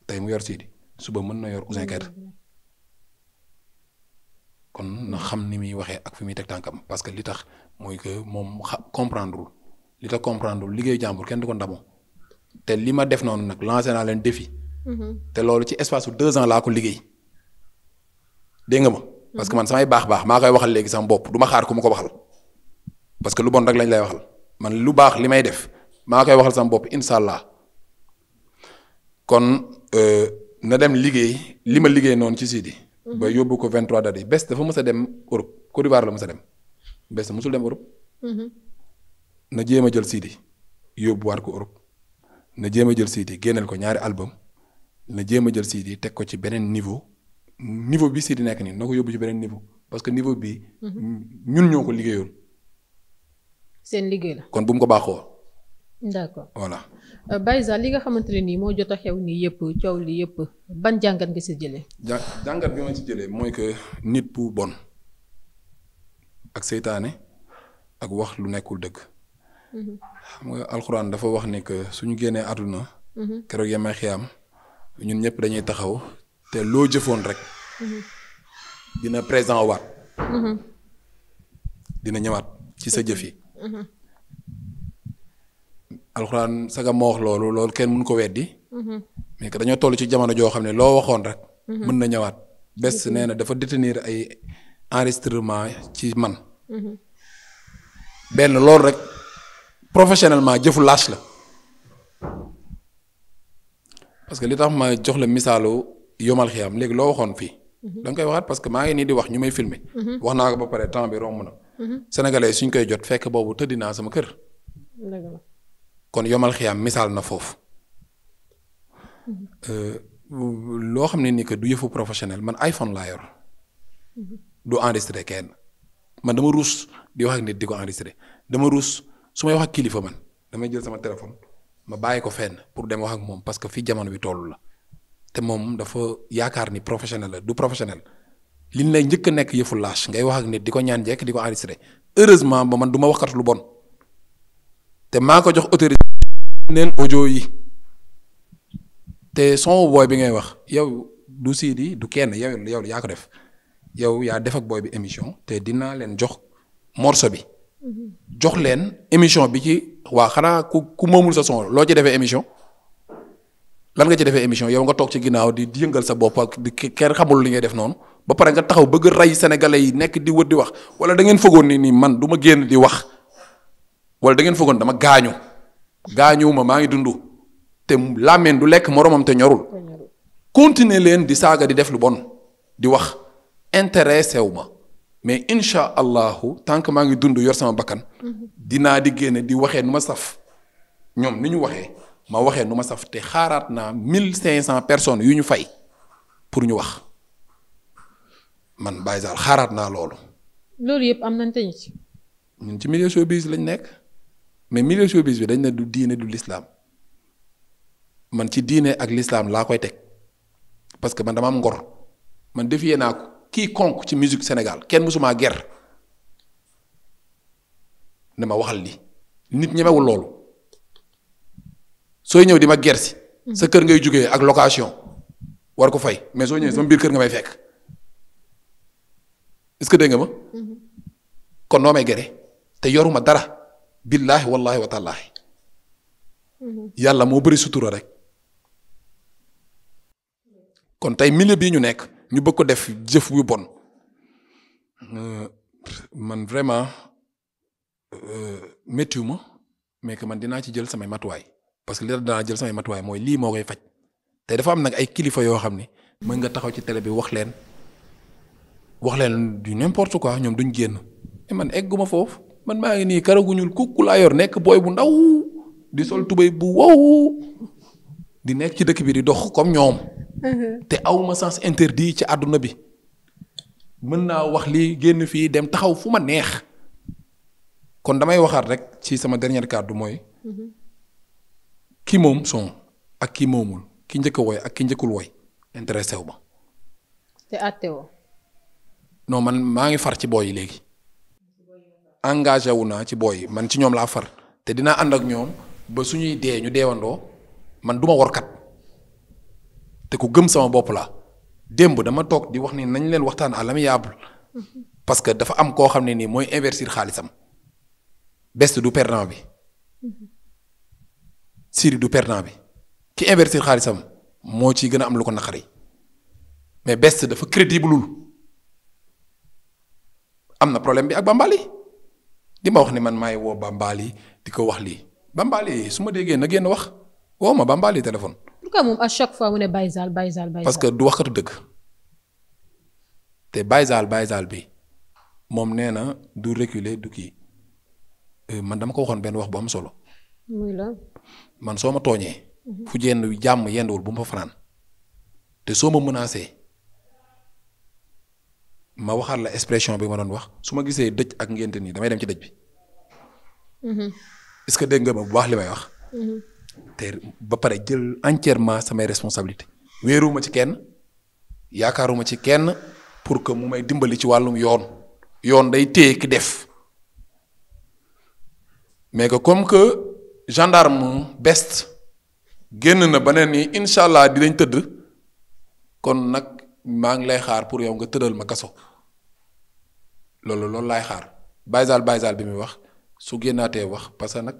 tey mu yor Sidy suba mën na yor Ouzin kon na xam ni muy waxee ak fi muy teg tànkam parce que li tax mooy que moom comprendre li ta comprendre liggéey jàmbur kenn du ko ndamoo te li ma def noonu nag lancé naa leen défi. Mhm. te loolu ci espace bu deux ans laa ko liggéey dégg nga ma. parce que man samay baax baax maa koy waxal léegi sama bopp duma ma xaar ku ma ko waxal parce que lu bon rek lañ lay waxal man lu baax li may def maa koy waxal sama bopp incha allah kon euh, na dem liggéey li ma liggéey noonu ci Sidi. Mhm. ba yóbbu ko 23 date yi bés dafa mës a dem Europe Côte d'Ivoire la mës a dem bés musul dem Europe. Mhm. na jéem a jël yóbbu waat ko Europe na jéem a jël Sidi génneel ko ñaari album na jéem a jël Sidi teg ko ci beneen niveau niveau bi Sidi nekk nii na ko yóbbu ci beneen niveau parce que niveau bi mhm. ñun ñoo ko liggéeyoon. seen liggéey la kon bu mu ko baaxoo. d'accord voilà. Euh, Bayza li nga xamante ne nii moo jot a xew nii yëpp coow lii yëpp ban jàngat nga ci jëlee. jà jàngat bi ma ci jëlee mooy que nit bu bon ak seytaane ak wax lu nekkul dëkk xam nga alxuraan dafa wax ni que suñu génnee àdduna. keroog yemee xiyaam ñun ñëpp dañuy taxaw te loo jëfoon rek. dina présent waat. dina ñëwaat ci sa jëf yi. alxuraan saga moo wax loolu loolu kenn mënu ko weddi. mais que dañoo toll ci jamono joo xam ne loo waxoon rek. mën na ñawaat bes nee na dafa détenir ay enregistrement ci man. Mhm. benn loolu rek. professionnellement jëfu lâche la parce que li tax ma jox la misaalu yomal xiyam léegi loo waxoon fii. Mhm. da koy waxaat parce que maa ngi nii di wax ñu may filmer mhm. wax naa ko ba pare temps bi romb na. Mhm. sénégalais suñ koy jot fekk boobu tëddi naa sama kër. kon yomal xiyam misaal na foofu. Euh, loo xam ne ni que du yëfu professionnel man iPhone laa yor. du enregistré kenn man dama ruus di wax ak nit di ko enregistré dama ruus. su may wax ak kilifa man damay jël sama téléphone ma bàyyi ko fenn pour dem wax ak moom parce que fii jamono bi toll la te moom dafa yaakaar ni professionnel la du professionnel li ñu lay njëkk a nekk yëfu lâche ngay wax ak nit di ko ñaan jekk di ko enregistré heureusement ba man du ma waxkat bon te maa ko jox autorité neen audio yi te son booy bi ngay wax yow du Sidi du kenn yow yow yaa ko def yow yaa def ak booy bi émission te dinaa leen jox morceau bi. jox leen émission bi ci waa xanaa ku ku moomul sa son loo ci defee émission lan nga ci defee émission yow nga toog ci ginnaaw di yëngal sa bopp ak di kenn xamul li ngay def noonu ba pare nga taxaw bëgg rey sénégalais yi nekk di wër di wax wala da ngeen foogoon ni nii man duma génn di wax wala da ngeen foogoon dama gaañu gaañuwuma maa ngi dund te làmmeen du lekk moromam te ñorul continuer leen di saaga di def lu bon di wax intéressé wu ma. mais incha allahu tant maa ngi dund yor sama bakkan dinaa di génne di waxee nu ma saf ñoom ni ñu waxee ma waxee nu ma saf te xaaraat naa mille cinq cent personnes yu ñu fay pour ñu wax man Baye xaaraat naa loolu. loolu yëpp am nañ te ñu ci. ñun ci milieu lañ nekk mais milieu showbiz bi dañ ne du diine du lislaam man ci diine ak lislaam laa koy teg parce que man dama am ngor man defiyee naa ko. quiconque ci musique Sénégal kenn maa ger ne ma waxal li nit ñemewul loolu sooy ñëw di ma ger si mm-hmm. sa kër ngay jógee ak location war ko fay mais soo ñëwee sama biir kër nga may fekk est-ce que dégg ma mm-hmm. kon noo may gere te yoruma dara billaahi wallaahi wa mm-hmm. yàlla moo bëri sutura rek kon tey milieu bii ñu nekk ñu bëgg ko def jëf yu bon euh, man vraiment euh, méttiwu ma mais que man dinaa ci jël samay matuwaay parce que li dinaa jël samay matuwaay mooy lii moo koy faj te dafa am nag ay kilifa yoo xam ne mën nga taxaw ci tele bi wax leen wax leen du n'importe quoi ñoom duñ génn man egguma foofu man maa ngi nii karaguñul kukku laa yor nekk booy bu ndaw di sol tubéy bu wow di nekk ci dëkk bi di dox comme ñoom. Mhm. te awma sens interdit ci àdduna bi mën naa wax lii génn fii dem taxaw fu ma neex kon damay waxaat rek ci sama dernier kàddu mooy mhm. ki moom son ak ki moomul ki njëkk a woy ak ki njëkkul woy intéressé wu ma. te àtte woo. non man maa ngi far ci booy yi léegi engagé wu naa ci booy yi man ci ñoom laa far te dinaa ànd ak ñoom ba suñuy dee ñu deewandoo man du ma workat te ku gëm sama bopp laa démb dama toog di wax ni nañ leen waxtaan à l'amiable parce que dafa am koo xam ne nii mooy investir xaalisam best du perdant bi siri du perdant bi ki investir xaalisam moo ci gën a am lu ko naqari mais best dafa crédibleul am na problème bi ak Bambali di ma wax ni man maay woo Bambali di ko wax lii Bambali su ma déggee na génn wax. woo ma ba mbaali téléphone. pourquoi moom à chaque fois mu ne Baye Zal Baye Zal que du waxkatu dëgg te Baye Zal Baye Zal bi moom nee na du reculer du kii euh, man dama ko waxoon benn wax bu am solo. man soo ma tooñee. Mhm. fu jenn jàmm yenduwul bu ma fa fanaan te soo ma menacé ma waxaat la expression bi ma doon wax su ma gisee dëj ak ngénte nii damay dem ci dëj bi. Mhm. est que dégg nga ma bu baax li may wax. Mhm. te ba pare jël entièrement samay responsabilité wéeruma ci kenn yaakaaruma ci kenn pour que mu may dimbali ci wàllum yoon yoon day téye ki def mais que comme que gendarme best génn na ba ne ni incha allah dinañ tëdd kon nag maa ngi lay xaar pour yow nga tëddal ma kaso loolu loolu laay xaar baysaal baysaal bi muy wax su génnaatee wax parce que nag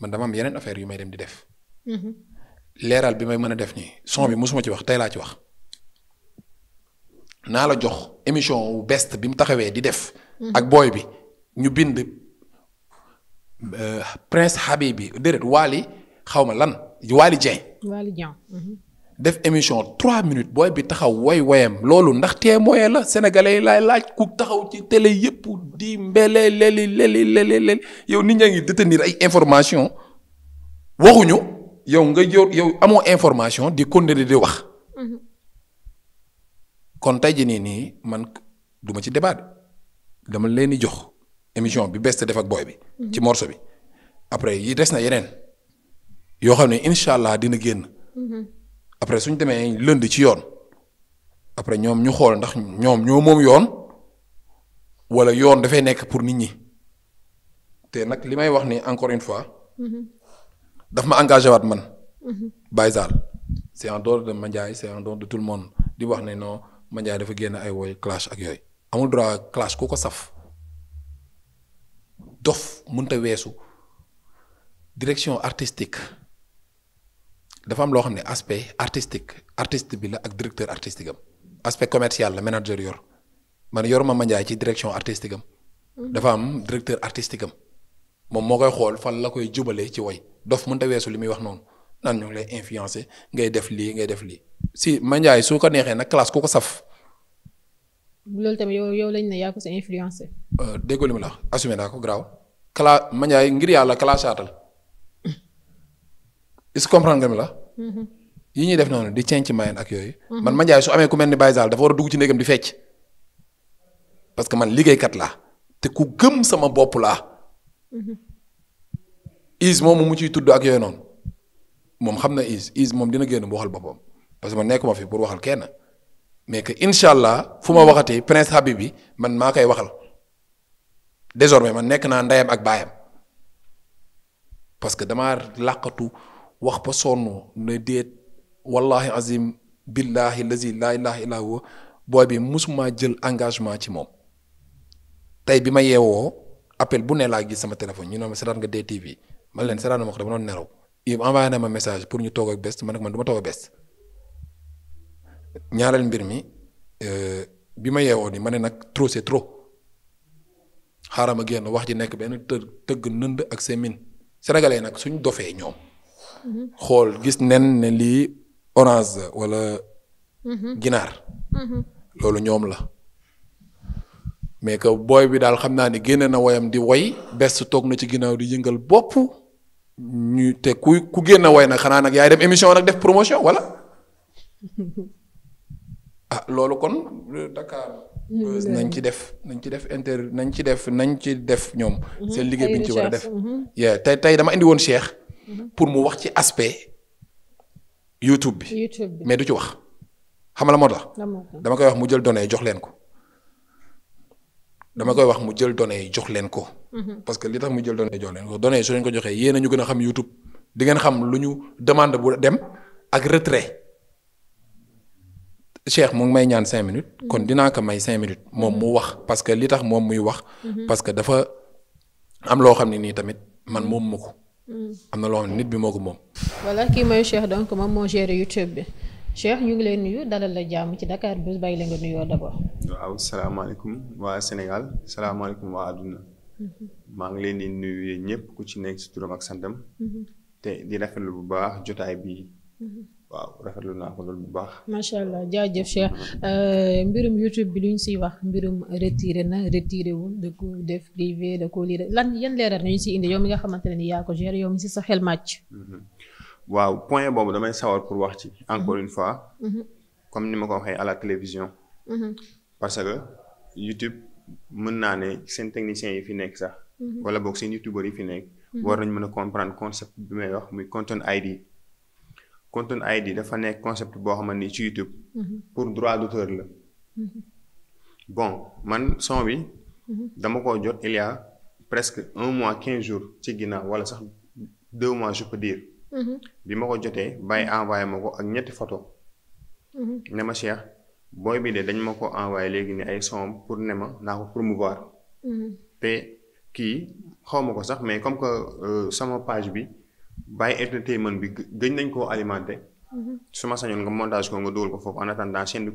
man dama am yeneen affaire yu may dem di def. Mm-hmm. leeral bi may mën a def nii son bi mosuma ci wax tey laa ci wax naa la jox émission wu best bi mu taxawee di def. Mm-hmm. ak booy bi ñu bind euh, prince Habib bi déedéet Waly xaw ma lan Waly Dieng. Mm-hmm. def émission trois minutes booy bi taxaw woy woyam loolu ndax témoin la sénégalais yi laaj ku taxaw ci télé yëpp di mbele leli leli leli yow nit ñaa ngi détenir ay information waxuñu. yow nga jor yow amoo information di continuer di wax. Mhm. kon tey jii nii nii man duma ci débat dama leen di jox émission bi best def ak booy bi. Mhm. ci morceau bi après yi des na yeneen yoo xam ne incha allah dina génn. Mhm. après suñ demee lënd ci yoon après ñoom ñu xool ndax ñoom ñoo moom yoon walla yoon dafay nekk pour nit ñi te nag li may wax ni encore une fois. daf ma engagé waat man. Mhm. Baye Sall c' est en dehors de Mandiaye c' tout le monde di wax ne noo Mandiaye dafa génn ay woy clash ak yooyu. amul droit clash ku ko saf dof mënta weesu direction artistique dafa am loo xam ne aspect artistique artiste bi la ak directeur artistique am aspect commercial la manager yor man yoruma Mandiaye ci direction artistique am. Mhm. dafa am directeur artistique am moom moo koy xool fan la koy jubalee ci woy dof mënta weesu li muy wax noonu naan ñu ngi lay influencer ngay def lii ngay def lii si manjaay soo ko neexee nag classe ku ko saf. loolu tamit yow yow lañ ne yaa ko sa euh, déggoo li mu la wax assumé naa ko garaaw classe manjaay ngir yàlla classe is est-ce que comprendre la. Mm-hmm. yi ñuy def noonu di ceeñ ci ak yooyu. Mm-hmm. man manjaay su amee ku mel ni Baye Zal dafa war a dugg ci ndégam di fecc parce que man liggéeykat laa te ku gëm sama bopp laa. Mm-hmm. is moom mu ciy tudd ak yooyu noonu moom xam na is is moom dina génn mu waxal boppam parce que nekk nekkuma fi pour waxal kenn mais que incha allah fu ma waxatee prince Habib bi man maa koy waxal désormais man nekk naa ndeyam ak baayam parce que damaa làqatu wax ba sonn ne déet wallahi azim billahi lazi laa ilaha illa huwa booy bi musuma jël engagement ci moom tey bi ma yeewoo appel bu ne laa gis sama téléphone ñu ne ma seetaan nga DTV man leen seetaan ma ko dama doon nelaw Yves envoyé na ma message pour ñu toog ak best man nag man du ma ak best ñaareel mbir mi euh, bi ma yeewoo ni ma ne nag trop c'est trop xaaral ma génn wax ji nekk benn të tëgg nënd ak semin sénégalais nag suñ dofee ñoom. xool gis nen ne lii orange walla ginaar. loolu ñoom la. mais que booy bi daal xam naa ni génne na woyam di woy best toog na ci ginnaaw di yëngal bopp. ñu te ku ku génn way na xanaa nag yaay dem émission nag def promotion wala ah loolu kon euh, Dakar. nañ ci def nañ ci def inter nañ ci def nañ ci def ñoom. Mm-hmm. seen liggéey bi ñu ci war a def. Mm-hmm. tey tey dama indi woon Cheikh. Mm-hmm. pour mu wax ci aspect YouTube bi. mais du ci wax. xam la moo tax. dama koy wax mu jël données jox leen ko. dama koy wax mu jël données yi jox leen ko. Mhm. parce que li tax mu jël données yi jox leen ko données su leen ko joxee yéen a gën a xam YouTube di ngeen xam lu ñu demande bu dem ak retrait. Cheikh mu ngi may ñaan cinq minutes mhm. kon dinaa ko may cinq minutes moom mu mhm. wax parce que li tax moom muy wax. parce que dafa am loo xam ne nii tamit man moom ma ko. am na loo xam nit bi moo ko moom. voilà kii mooy Cheikh donc moom moo géré YouTube bi. Cheikh ñu ngi leen nuyu dalal la jàmm ci Dakar Buzz bàyyi la nga nuyoo d'abord. waaw salaamaaleykum waa Sénégal salaamaaleykum waa àdduna. Mm-hmm. maa ngi leen di nuyu ñëpp ku ci nekk si turam ak sandam mm-hmm. te di rafetlu bu baax jotaay bi. Mm-hmm. waaw rafetlu naa ko loolu bu baax. macha allah jaajëf Cheikh euh, mbirum YouTube bi lu ñu siy wax mbirum retiré na retiré wu da ko def privé da ko lire lan yan leeral nañu si indi yow mi nga xamante ne ni yaa ko géré yow mi si sa xel màcc. waaw point boobu damay sawar pour wax ci mhm. encore une fois. Mhm. comme ni ma ko waxee à la télévision. Mhm. parce que YouTube mën naa ne seen techniciens yi fi nekk sax. wala boog seen youtubeurs yi fi nekk. war nañ mën a comprendre concept bi may wax muy content ID. content ID dafa nekk concept boo xamante ni ci YouTube. pour droit d'auteur la. bon man son bi. dama ko jot il presque un mois quinze jours ci ginnaaw wala sax deux mois je peux dire. Mm-hmm. bi ma ko jotee bàyyi mm-hmm. envoyé ma ko ak ñetti photo mm-hmm. ne ma Cheikh booy bii de dañ ma ko envoyé léegi ni ay son pour ne ma naa ko promouvoir te kii xaw ma ko sax mais comme que euh, sama page bi bàyyi entertainment bi gëj nañ koo alimenté su ma sañoon nga montage ko nga dugal ko foofu en attendant chaîne bi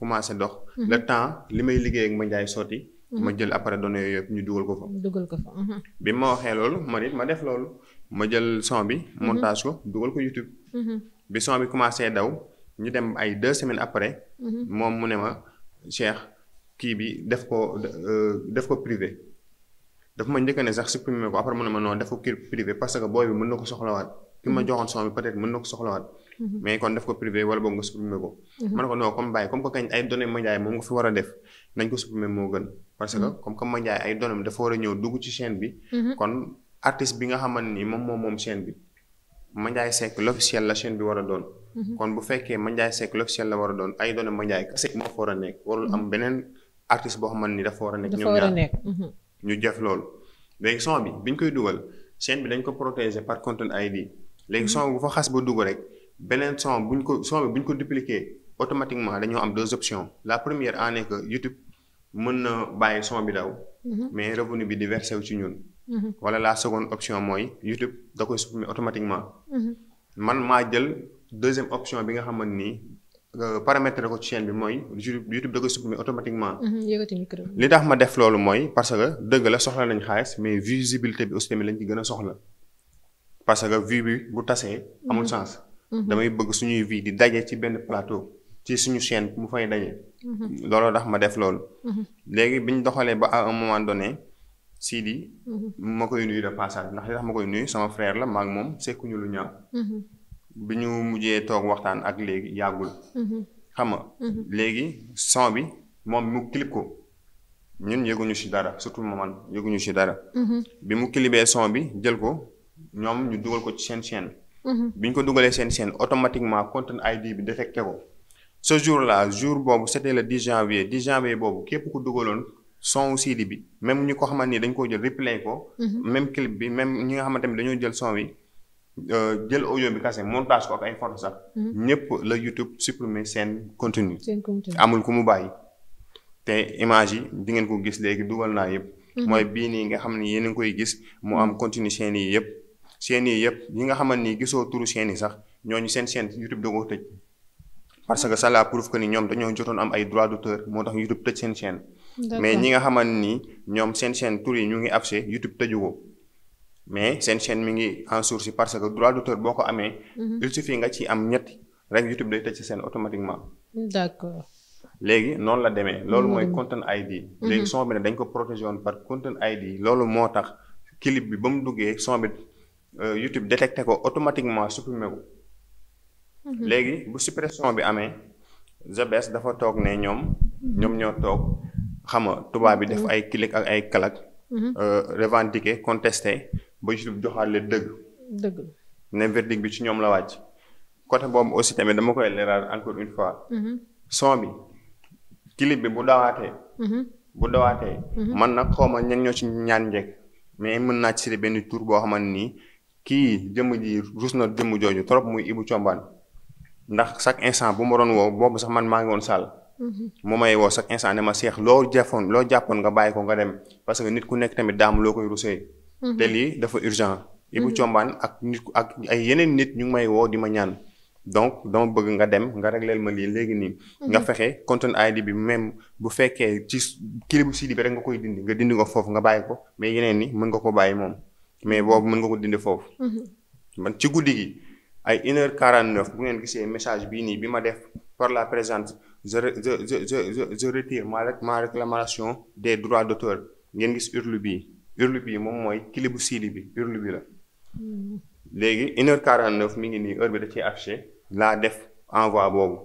commencé dox le temps li may liggéey ak ma njaay sotti ma jël après données yooyu ñu dugal ko dugal ko fa bi ma waxee loolu man it ma def loolu ma jël son bi. Mhm. montage ko dugal ko YouTube. Mhm. bi son bi commencé daw ñu dem ay deux semaines après. Mhm. moom mu ne ma Cheikh kii bi def ko euh, def ko privé. dafa ma njëkk ne sax supprimer ko après mu ne ma non def ko privé parce que booy bi mën na ko soxlawaat. ki ma joxoon son bi peut-être mën na ko soxlawaat. mais kon def ko privé wala boog nga supprimer ko. ma ne ko non comme bàyyi comme que kañ ay données ma jaay moom nga fi war a def nañ ko supprimer moo gën. parce que comme que ma jaay ay données dafa a ñëw dugg ci chaîne bi. artiste bi nga xamante ni moom moom moom chaîne bi Mandiaye Seck l'officiel la chaîne bi war a doon. Mhm. kon bu fekkee Mandiaye Seck l'officiel la war a doon ay doone Mandiaye kese moo fa war a nekk warul am mhm. beneen artiste boo xamante ni dafa war a nekk. ñoom ñaar mhm. ñu def loolu. léegi son bi biñ koy dugal chaîne bi dañ ko protéger par content ID léegi son bu fa xas ba dugg rek beneen son buñ ko son bi ko dupliquer automatiquement dañoo am deux options la première en est que YouTube mën na bàyyi son bi daw. mais revenu bi di versé wu ci ñun. Mm-hmm. wala la seconde option mooy YouTube da koy supprimer automatiquement. Mm-hmm. man maa jël deuxième option bi nga xamante ni euh, paramètre ko ci chaîne bi mooy YouTube da koy supprimer automatiquement. Mm-hmm. li tax ma def loolu mooy parce que dëgg la soxla nañ xaalis mais visibilité bi aussi tamit lañ ci gën a soxla parce que vue bi bu tasee. amul sens. damay bëgg suñuy vie di dajee ci benn plateau. ci suñu chaîne mu fay daje. looloo tax ma def loolu. léegi bi ñu doxalee ba à un moment donné. Sidi. Mm-hmm. ma koy nuyu de passage ndax li tax ma koy nuyu sama frère la maak moom sekkuñu lu ñaaw. Mm-hmm. bi ñu mujjee toog waxtaan ak léegi yàggul. Mm-hmm. xam nga. léegi son bi moom mu clip ko ñun yëguñu ci dara surtout ma man yëguñu ci dara. bi mu clipee son bi jël ko ñoom ñu dugal ko ci seen chaîne. bi ñu ko dugalee seen chaîne automatiquement content ID bi détecté ko. ce jour là jour boobu c'était le 10 janvier 10 janvier boobu képp ku dugaloon son CD bi même ñi ko xamante ni dañ koo jël replay ko. Mhm. même clip bi même ñi nga xamante ni dañoo jël son bi euh, jël audio bi kase montage ko ak ay sax. Mhm. ñëpp la YouTube supprimer seen contenu. seen contenu amul ku mu bàyyi. te image yi di ngeen ko gis léegi dugal naa yëpp. Mhm. mooy bii nii nga xam ni yéen a ngi koy gis mu am continue seen yi yëpp. seen yi yëpp ñi nga xamante ni gisoo turu seen yi sax ñooñu seen seen YouTube da koo tëj. parce que ça la prouve que ni ñoom dañoo jotoon am ay droit d'auteur moo tax YouTube tëj seen chaîne. mais ñi nga xamante ni ñoom seen chaîne tur yi ñu ngi affiché YouTube tëju ko mais seen chaîne mi ngi en source parce que droit d'auteur boo ko amee. Mhm. il suffit nga ci am ñetti rek YouTube day tëj sa seen automatiquement. d'accord. léegi noonu la demee. loolu mooy mhm. content ID. Mhm. léegi son bi ne dañ ko protégé woon par content ID loolu moo tax clip bi ba mu duggee son bi euh, YouTube détecté automatiquement supprimé ko. Mhm. léegi bu suppression bi amee GBS dafa toog ne ñoom ñoom ñoo toog xam nga tubaab bi def mhm. ay clic ak ay kalak mhm. euh, revendiquer contester ba YouTube joxaat leen dëgg ne verdict bi ci ñoom la wàcc côté boobu aussi tamit dama koy leeral encore une fois son bi clip bi bu dawaatee bu dawaatee man nag xawma ñan ñoo ci ñaan njëkk mais mën naa ci benn tour boo xamante nii kii jëm ji ruus na jëmm jooju trop muy Ibou Thiombane ndax chaque instant bu ma doon woo boobu sax man maa ngi woon sàll mu may woo chaque instant ne ma seex loo jàppoon loo jàppoon nga bàyyi ko nga dem parce que nit ku nekk tamit daam loo koy rusee. Mhm. te lii dafa urgent. Ibou Thiombane mhm. ak nit ak ay yeneen nit ñu ngi may woo di ma ñaan. donc dama bëgg nga dem nga régleel ma lii léegi nii. Mhm. nga fexe content ID bi même bu fekkee ci kilibu sidi bi rek nga koy dindi nga dind ko foofu nga bàyyi ko mais yeneen ni mën nga ko bàyyi moom mais boobu mën nga ko dindi foofu. man ci guddi gi. ay une heure quarante neuf bu ngeen gisee message bii nii bi ma def par la présente je re je je je retire ma ma réclamation des droits d'auteur ngeen gis urlu bii urlu bii moom mooy bu siidi bi urlu bi la. léegi une heure quarante neuf mi ngi nii heure bi da ciy affiché laa def envoi boobu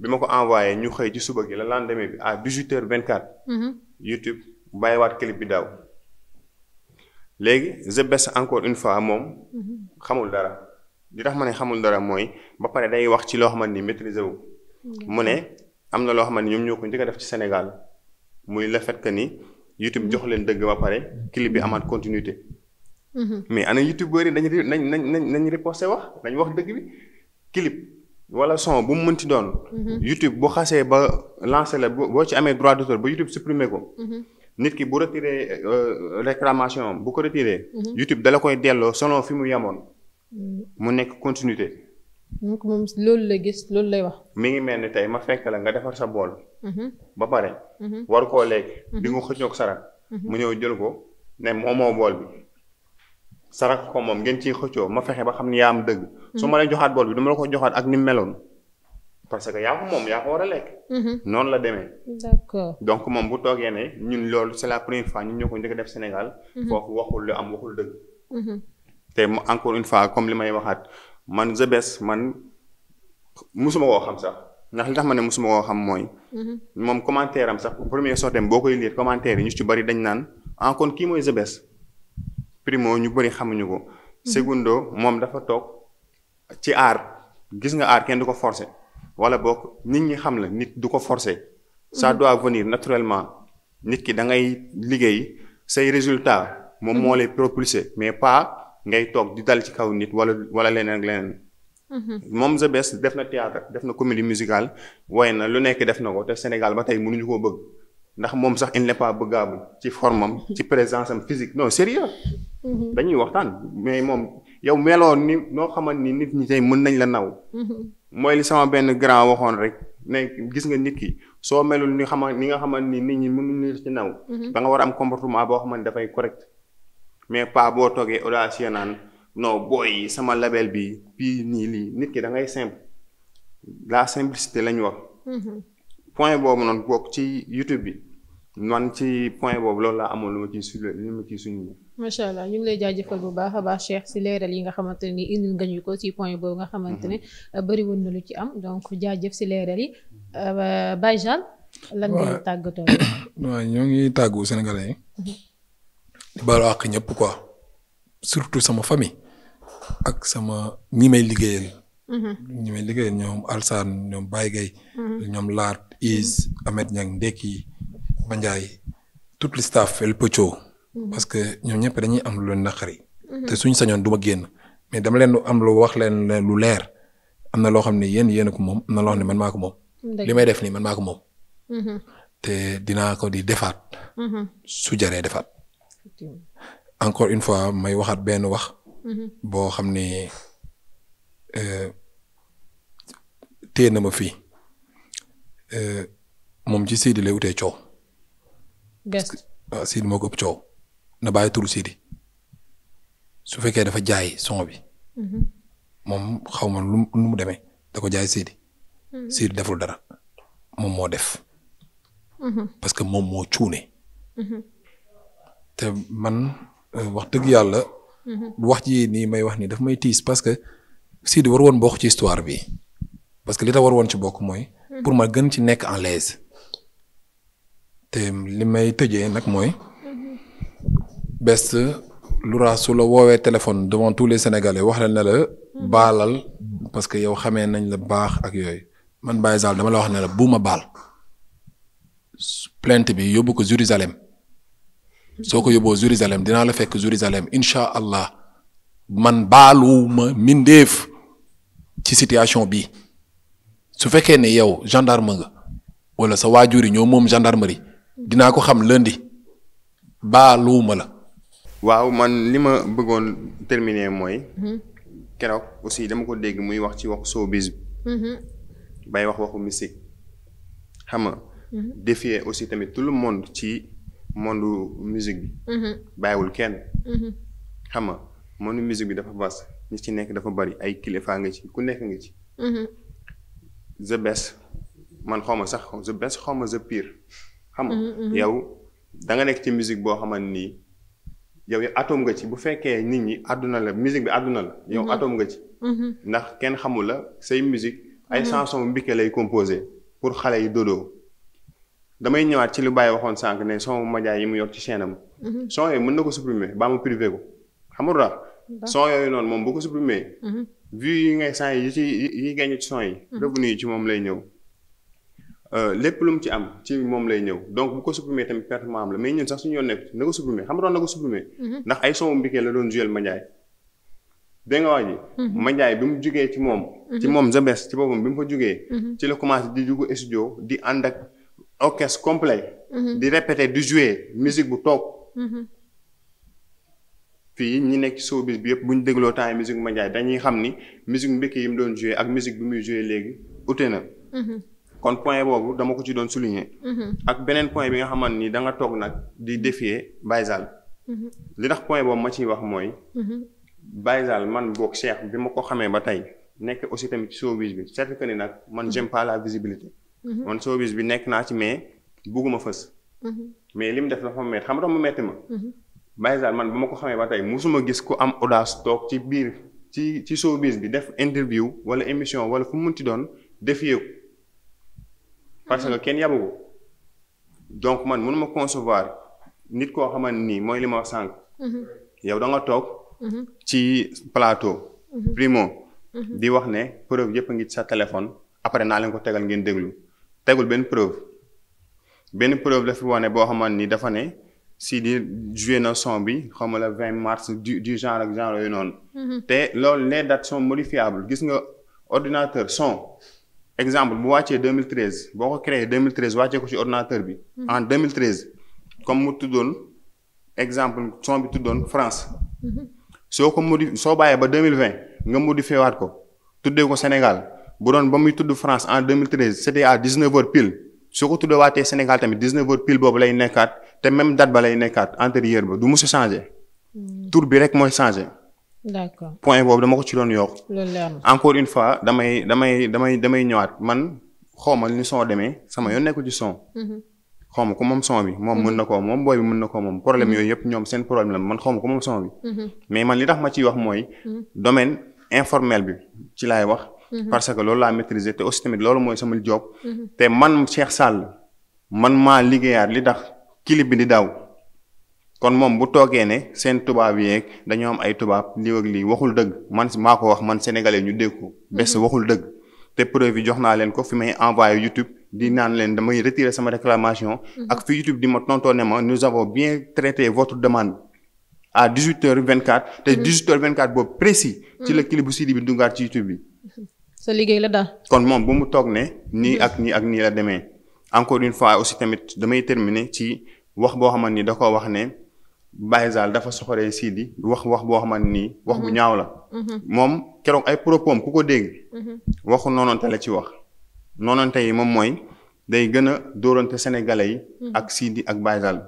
bi ma ko envoyé ñu xëy ci suba gi la lendemain bi à dix huit heures vingt quatre. Mm-hmm. YouTube clip bi daaw. léegi je baisse encore une fois moom. Mm-hmm. xamul dara. li tax ma ne xamul dara mooy ba pare day wax ci loo xamante ni maîtriser wu. mu ne am na loo xaman ni ñoom ñoo ko njëkk a def ci Sénégal muy la fait que ni YouTube mm-hmm. jox leen dëgg ba pare clip bi mm-hmm. amaat continuité. Mm-hmm. mais ana youtubeur yi dañu nañ nañ nañ nañ reposté wax nañ wax dëgg bi clip wala son bu mu mënti doon. youtube bu xasee ba lancé la boo ci amee droit d'auteur ba youtube supprimer ko. nit ki bu retiré euh, réclamation am bu ko retiré. youtube dala koy delloo selon fi mu yemoon. mu nekk continuité. donc moom loolu la gis loolu lay wax. mi ngi mel ni tey ma fekk la nga defar sa bool. Mhm. ba pare. Mhm. war koo lekk. Mhm. di nga xëccoog sarax. mu ñëw jël ko ne moo bool bi. sarax ko moom ngeen ciy xëccoo ma fexe ba xam ni yaa am dëgg. su ma lay joxaat bool bi dama la ko joxaat ak ni mu meloon. parce que yaa ko moom yaa ko war a lekk. noonu la demee. d'accord donc moom bu toogee ne ñun loolu c'est la première fois ñun ñoo ko njëkk def Sénégal. foofu waxul lu am waxul dëgg. te encore une fois comme li may waxaat man The man musuma koo xam sax ndax li tax ma ne musuma koo xam mooy. Mhm. moom commentaire am sax premier sortem boo koy lire commentaire yi ñu ci bari dañ naan ah kon kii mooy The Best primo ñu bari xamuñu ko. Mhm. segundo moom dafa toog ci aar gis nga aar kenn du ko forcer wala boog nit ñi xam la nit du ko forcer. ça mhm. doit venir naturellement nit ki da ngay liggéey say résultat moom moo lay propulser mais pas. ngay toog di dal ci kaw nit wala wala leneen ak leneen. Mm-hmm. moom The Best def na théâtre def na comédie musicale waaye na lu nekk def na ko te Sénégal ba tey mënuñu koo bëgg ndax moom sax il n'est pas bëggable ci formam ci présence am physique non sérieux mm-hmm. dañuy waxtaan mais moom yow meloo ni noo xamante ni nit ñi tey mën nañ la naw. Mm-hmm. mooy li sama benn grand waxoon rek ne gis nga nit ki soo melul ni xama ni nga xamante ni nit ñi mënuñu la ci naw. da nga war a comportement boo xamante dafay correct. mais pas boo toogee audacieux naan non booy sama label bi bii nii lii nit ki da ngay simple la simplicité lañu wax. Mhm. point boobu noonu bokk ci YouTube bi man ci point boobu loolu laa amoon lu ma ciy su lu suñu. macha allah ñu ngi lay jaajëfal bu baax a baax Cheikh si leeral yi nga xamante ne nii indil nga ñu ko ci point boobu nga xamante ne mhm. bëri na lu ci am donc jaajëf si leeral yi euh, Baye Jean lan nga ñu tàggatoo. waaw ñoo ngi tàggu Sénégalais yi. Mhm. baalu àq ñëpp quoi surtout sama famille ak sama ñi may liggéeyal. Mm-hmm. ñi may liggéeyal ñoom Alsaan ñoom Baye Gueye. Mm-hmm. ñoom Laat Is Ahmed Niang Ndekki Banjaay tout le staff El Pocho. Mm-hmm. parce que ñoom ñëpp dañuy am lu leen naqari. te suñ sañoon du ma génn mais dama leen am lu wax leen lu leer am na loo xam ne yéen yéen a ko moom am na loo xam ne man maa ko moom. li may def nii man maa ko moom. te dinaa ko di defaat. su jaree defaat. encore une fois may waxaat benn wax. Mhm. boo xam ne euh, téye na ma fii euh, moom ci Sidi lay utee coow. gëstu waaw ah, moo ko ëpp coow na bàyyi turu Sidi su fekkee dafa jaay son bi. Mhm. moom xaw ma lu mu demee da ko jaay Sidi. Mhm. Sidi deful dara moom moo def. parce que moom moo cuune. te man euh, wax dëgg yàlla. Mhm. wax ji nii may wax nii daf may tiis parce que di war woon bokk ci histoire bi parce que li ta war woon ci bokk mooy. Mhm. pour ma gën ci nekk en l'aise te li may tëjee nag mooy. Mhm. best Lura su la woowee téléphone devant tous les sénégalais wax la ne la. baalal parce que yow xamee nañ la baax ak yooyu man Baye Zal dama la wax ne buuma baal plainte bi yóbbu ko Jérusalem soo ko yóbboo Jérusalem dinaa la fekk Jérusalem incha allah man baaluwuma mindeef ci situation bi su fekkee ne yow gendarme nga wala sa waajur yi ñoo moom gendarmerie dinaa ko xam lundi baaluwuma la. waaw man li ma bëggoon terminer mooy. Mhm. keroog aussi dama ko dégg muy wax ci waxu showbiz. Mhm. bay wax waxu musique xam mhm. défier aussi tamit tout le monde ci. monde musique bi. Mm-hmm. bàyyiwul kenn. Mm-hmm. xam nga monde musique bi dafa vaste ñi ci nekk dafa bari ay kilifaa nga ci ku nekk nga ci. Mm-hmm. the best man xawma sax the best xaw ma the pire. xam yow da nga nekk ci musique boo xamante ni yow atome nga ci bu fekkee nit ñi àdduna la musique bi àdduna la. yow atome nga ci. ndax kenn xamula la say musique ay chanson mbike lay composé pour xale yi dodo. damay ñëwaat ci lu bàyyi waxoon sànq ne son majaay yi mu yor ci chaîne am. Mhm. son yooyu mën na ko supprimer baa mu privé ko xam nga son yooyu noonu moom bu ko supprimer. Mhm. vues yi ngay saa yi ci yi gañu ci son yi. Mhm. revenu lay ñëw. Euh, lépp lu mu ci am ci moom lay ñëw donc bu ko perte la mais sax suñu yoon nekk na ko supprimer xam nga na ko supprimer. ndax ay son mbikee la doon juyal majaay. dégg nga wax ji. bi mu jugee ci moom. ci moom Zebes ci boppam bi mu fa jugee. ci la commencé di dugg studio di ànd ak orchestre complet. Mhm. di répéter du jouer musique bu toog. Mhm. fii ñi nekk ci showbiz bi yëpp bu ñu dégloo temps yi musique dañuy xam ni musique mbëkk yi mu doon jouer ak musique bi muy jouer léegi ute na. Mhm. kon point boobu dama ko ci doon souligner. ak beneen point bi nga xamante nii danga toog nag di défier Baye li tax point boobu ma ciy wax mooy. Baye man boog Cheikh bi ma ko xamee ba tey nekk aussi tamit ci showbiz bi c'est que ni nag man j'aime la visibilité. Mhm. man soobise bi nekk naa ci mais bugguma fës mhm. mais li mu def dafa ma metti xam nga ma metti ma mhm. Baye Zale man ba ma ko xamee ba tey musuma gis ku am audace toog ci biir ci ci soobise bi def interview wala émission wala fu mu mun munti doon defee ko parce que kenn yabu ko donc man mënuma concevoir nit koo xaman nii mooy li ma wax sànq yow da nga toog ci plateau primo di wax ne preuve yëpp a ngi sa téléphone après naa leen ko tegal ngeen déglu tegul benn preuve benn preuve la fi wane boo xamante ni dafa ne Sidy joué na son bi xam nga le 20 mars du du genre ak genre noonu. Mhm. te loolu les dates son modifiables gis nga ordinateur son. exemple bu wàccee 2013 boo ko créé 2013 wàccee ko ci ordinateur bi. Mhm. en 2013 comme mu tuddoon exemple son bi tuddoon France. Mhm. soo ko modi soo bàyyee ba 2020 nga modifié waat ko tuddee ko Sénégal. bu doon ba muy tudd France en 2013 c'était à 19 heures pile soo ko tuddewaatee Sénégal tamit 19 heures pile boobu lay nekkaat te même date ba lay nekkaat antérieure ba du mos a changé. Hmm. tur bi rek mooy changé. point boobu dama ko ci doon yokk. encore une fois damay damay damay damay ñëwaat man xaw ma ni son demee sama yoon nekkul ci son. Mm-hmm. xaw ma ko moom son bi moom mën na koo moom booy bi mën na koo moom problème mm-hmm. yooyu yëpp ñoom seen problème la man moom son mm-hmm. mais man li tax ma ciy wax mooy. domaine informel bi ci laay wax. Mm-hmm. parce que loolu laa maîtriser te aussi tamit loolu mooy sama job. Mm-hmm. te man Cheikh Sall man maa liggéeyaat li tax clip bi di daw. kon moom bu toogee ne seen tubaab yeeg dañoo am ay tubaab lii lii waxul dëgg man maa ko wax man sénégalais ñu dégg ko. bés mm-hmm. waxul dëgg. te preuve jox naa leen ko fi may envoyé YouTube di naan leen damay retirer sama réclamation. ak fi YouTube di ma tontoo ne ma nous avons bien traité votre demande. à 18h24 te 18h24 boobu précis. ci la clip bu Sidi bi duggaat ci YouTube bi. sa liggéey la daal. kon moom bu mu toog ne. nii ak nii ak nii la demee. encore une fois aussi tamit damay terminer ci wax boo xamante ni da ko wax ne Baye dafa soxoree siidi wax wax boo xamante ni wax bu mhm. ñaaw la. Mhm. moom keroog ay propos am ku ko dégg. Mhm. waxu noonante la ci wax. noonante yi moom mooy day gën a dóorante sénégalais yi. ak Sidi ak Baye Zal.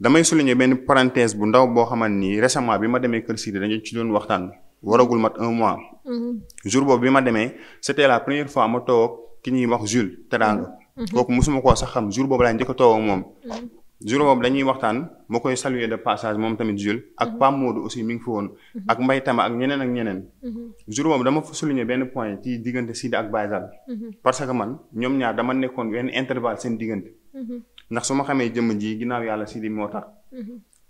damay souligner benn parenthèse bu ndaw boo xamante ni récemment bi ma demee kër Sidi dañu ci doon waxtaan. waragul mat un mois. Mhm. jour boobu bi ma demee c'était la première fois ma toog ki ñuy wax Jules Tedanga. Mhm. Mhm. kooku mosuma koo sax xam jour boobu laa njëkk a moom. jour boobu dañuy waxtaan ma koy saluer de passage moom tamit Jules ak Pam Modou aussi mi ngi fi woon. ak Mbaye Tama ak ñeneen ak ñeneen. jour boobu dama fa souligner benn point ci diggante Sidi ak Baysal. parce que man ñoom ñaar dama nekkoon benn intervalle seen diggante. ndax su ma xamee jëmm ji ginnaaw yàlla Sidi moo tax.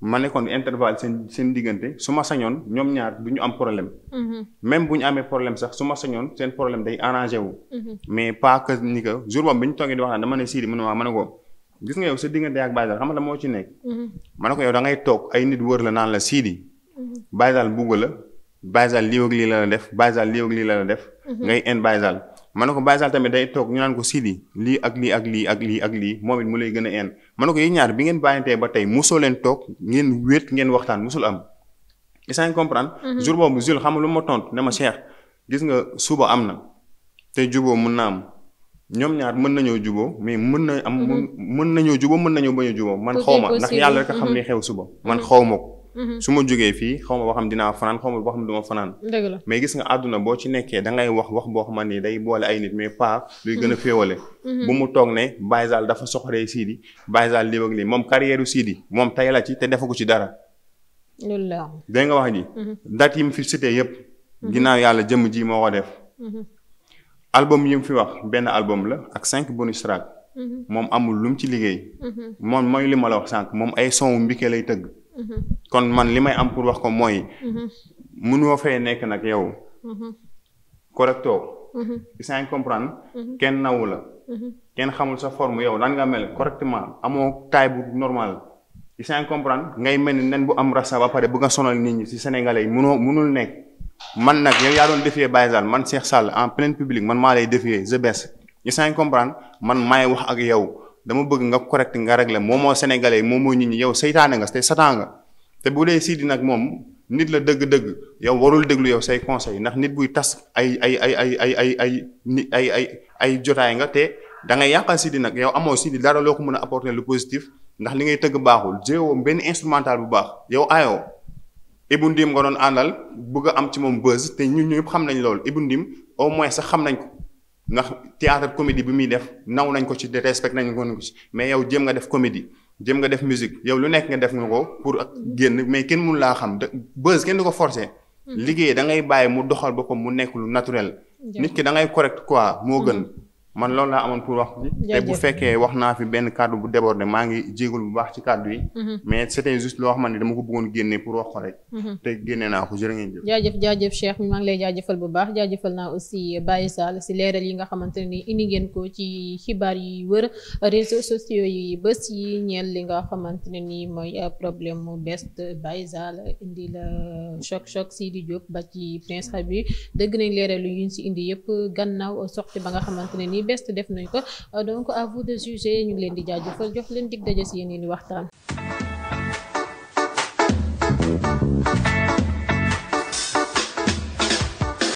ma nekkoon intervalle seen seen diggante su ma sañoon ñoom ñaar du ñu am problème. Mm-hmm. même bu ñu amee problème sax su ma sañoon seen problème day arrangé wu. Mm-hmm. mais pas que ni que jour bi ñu toogee di waxtaan dama ne Sidi mu ne ma ma ne ko gis nga yow sa diggante ak Baye Dal xam moo ci nekk. Mm-hmm. ma ne ko yow da ngay toog ay nit wër la naan la Sidi. Baye Dal bugg la Baye Dal lii ak lii la la def Baye Dal lii ak lii la la def. ngay en Baye ma ne ko Baye tamit day toog ñu naan ko Sidi lii ak lii ak lii ak lii ak lii moom it mu lay gën a en. ma ne ko yéen ñaar bi ngeen bàyyantee ba tey musoo leen toog ngeen wéet ngeen waxtaan mosul am. est-ce que comprendre. Mhm. jour boobu Jules xam lu ma tontu ne ma Cheikh gis nga suba am na te juboo mën na am ñoom ñaar mën nañoo juboo mais mën na am. Mhm. mën nañoo juboo mën nañoo bañ a juboo man xaw ma ndax yàlla rekk a xam mhm. li xew suba man xawma ko. Mm-hmm. su ma jógee fii xaw ma boo xam dinaa fanaan xaw ma boo xam du fanaan dëgg mais gis nga àdduna boo ci nekkee da ngay wax wax boo xamante ni day boole ay nit mais pas luy gën a mm-hmm. féewale mm-hmm. bu mu toog ne Baye dafa soxoree siidi Baye Zale lii ak lii moom carrière u Sidi moom tay la ci te defagu ci dara loolu la dégg nga wax ji date yi mu fi sitee yëpp ginnaaw yàlla jëmm ji moo ko def album yi mu fi wax benn album la ak cinq bonu track moom amul lu mu ci liggéey moom mooy li ma la wax sànq moom ay son mbike lay tëgg kon man li may am pour wax ko mooy. Mhm. mënoo fay nekk nag yow. Mhm. correcto. sans mhm. comprendre. kenn nawu la. kenn xamul sa form yow nan nga mel correctement amoo taay bu normal. sans comprendre ngay mel ni nen bu am rasa ba pare bu nga sonal nit ñi si Sénégalais yi mënoo mënul nekk. man nag yow yaa doon défier Baye man Cheikh Sall en plein public man maa lay défier je baisse. sans comprendre man maay wax ak yow. dama bëgg nga correct nga réglé moom moo sénégalais moom moo nit ñi yow seytaane nga te satan nga te bu dee Sidi nag moom nit la dëgg-dëgg yow warul déglu yow say conseil ndax nit buy tas ay ay ay ay ay ay ay ni ay ay ay jotaay nga te da ngay yàqal di nag yow amoo Sidi dara loo ko mën a apporter lu positif ndax li ngay tëgg baaxul jéewoo benn instrumental bu baax yow aayoo Ibou Ndim nga doon àndal bëgg am ci moom buzz te ñu ñëpp xam nañ loolu Ibou Ndim au moins sax xam nañ ko ndax théâtre comédie bi muy def naw nañ ko ci respect nañ ko ci mais yow jëm nga def comédie jëm nga def musique yow lu nekk nga def nga ko pour ak génn mais kenn mënu laa xam buzz kenn du ko forcer. Hmm. liggéey da ngay bàyyi mu doxal boppam mu nekk lu naturel. nit ki da ngay correct quoi moo gën. Hmm. man loolu laa amoon pour wax ci te bu fekkee wax naa fi benn kàddu bu débordé maa ngi jéegul bu baax ci kàddu yi mhm. mais c'était juste loo xamante ni dama ko bëggoon génne pour wax ko rek mhm. te génne naa ko jërë jaajëf jaajëf Cheikh mi ngi lay jaajëfal bu baax jaajëfal naa aussi Baye Sall si leeral yi nga xamante ni indi ngeen ko ci xibaar yi wër réseaux sociaux yi bés yi ñeel li nga xamante ne ni mooy problème mu best Baye Sall indi la choc choc di Diop ba ci Prince Habib dëgg nañ leeral yu si indi yëpp gannaaw sorti ba nga xamante ne ni yi best def nañ ko donc à vous de juger ñu ngi leen di jaaj jaajëfal jox leen dig daje si yeneen i waxtaan.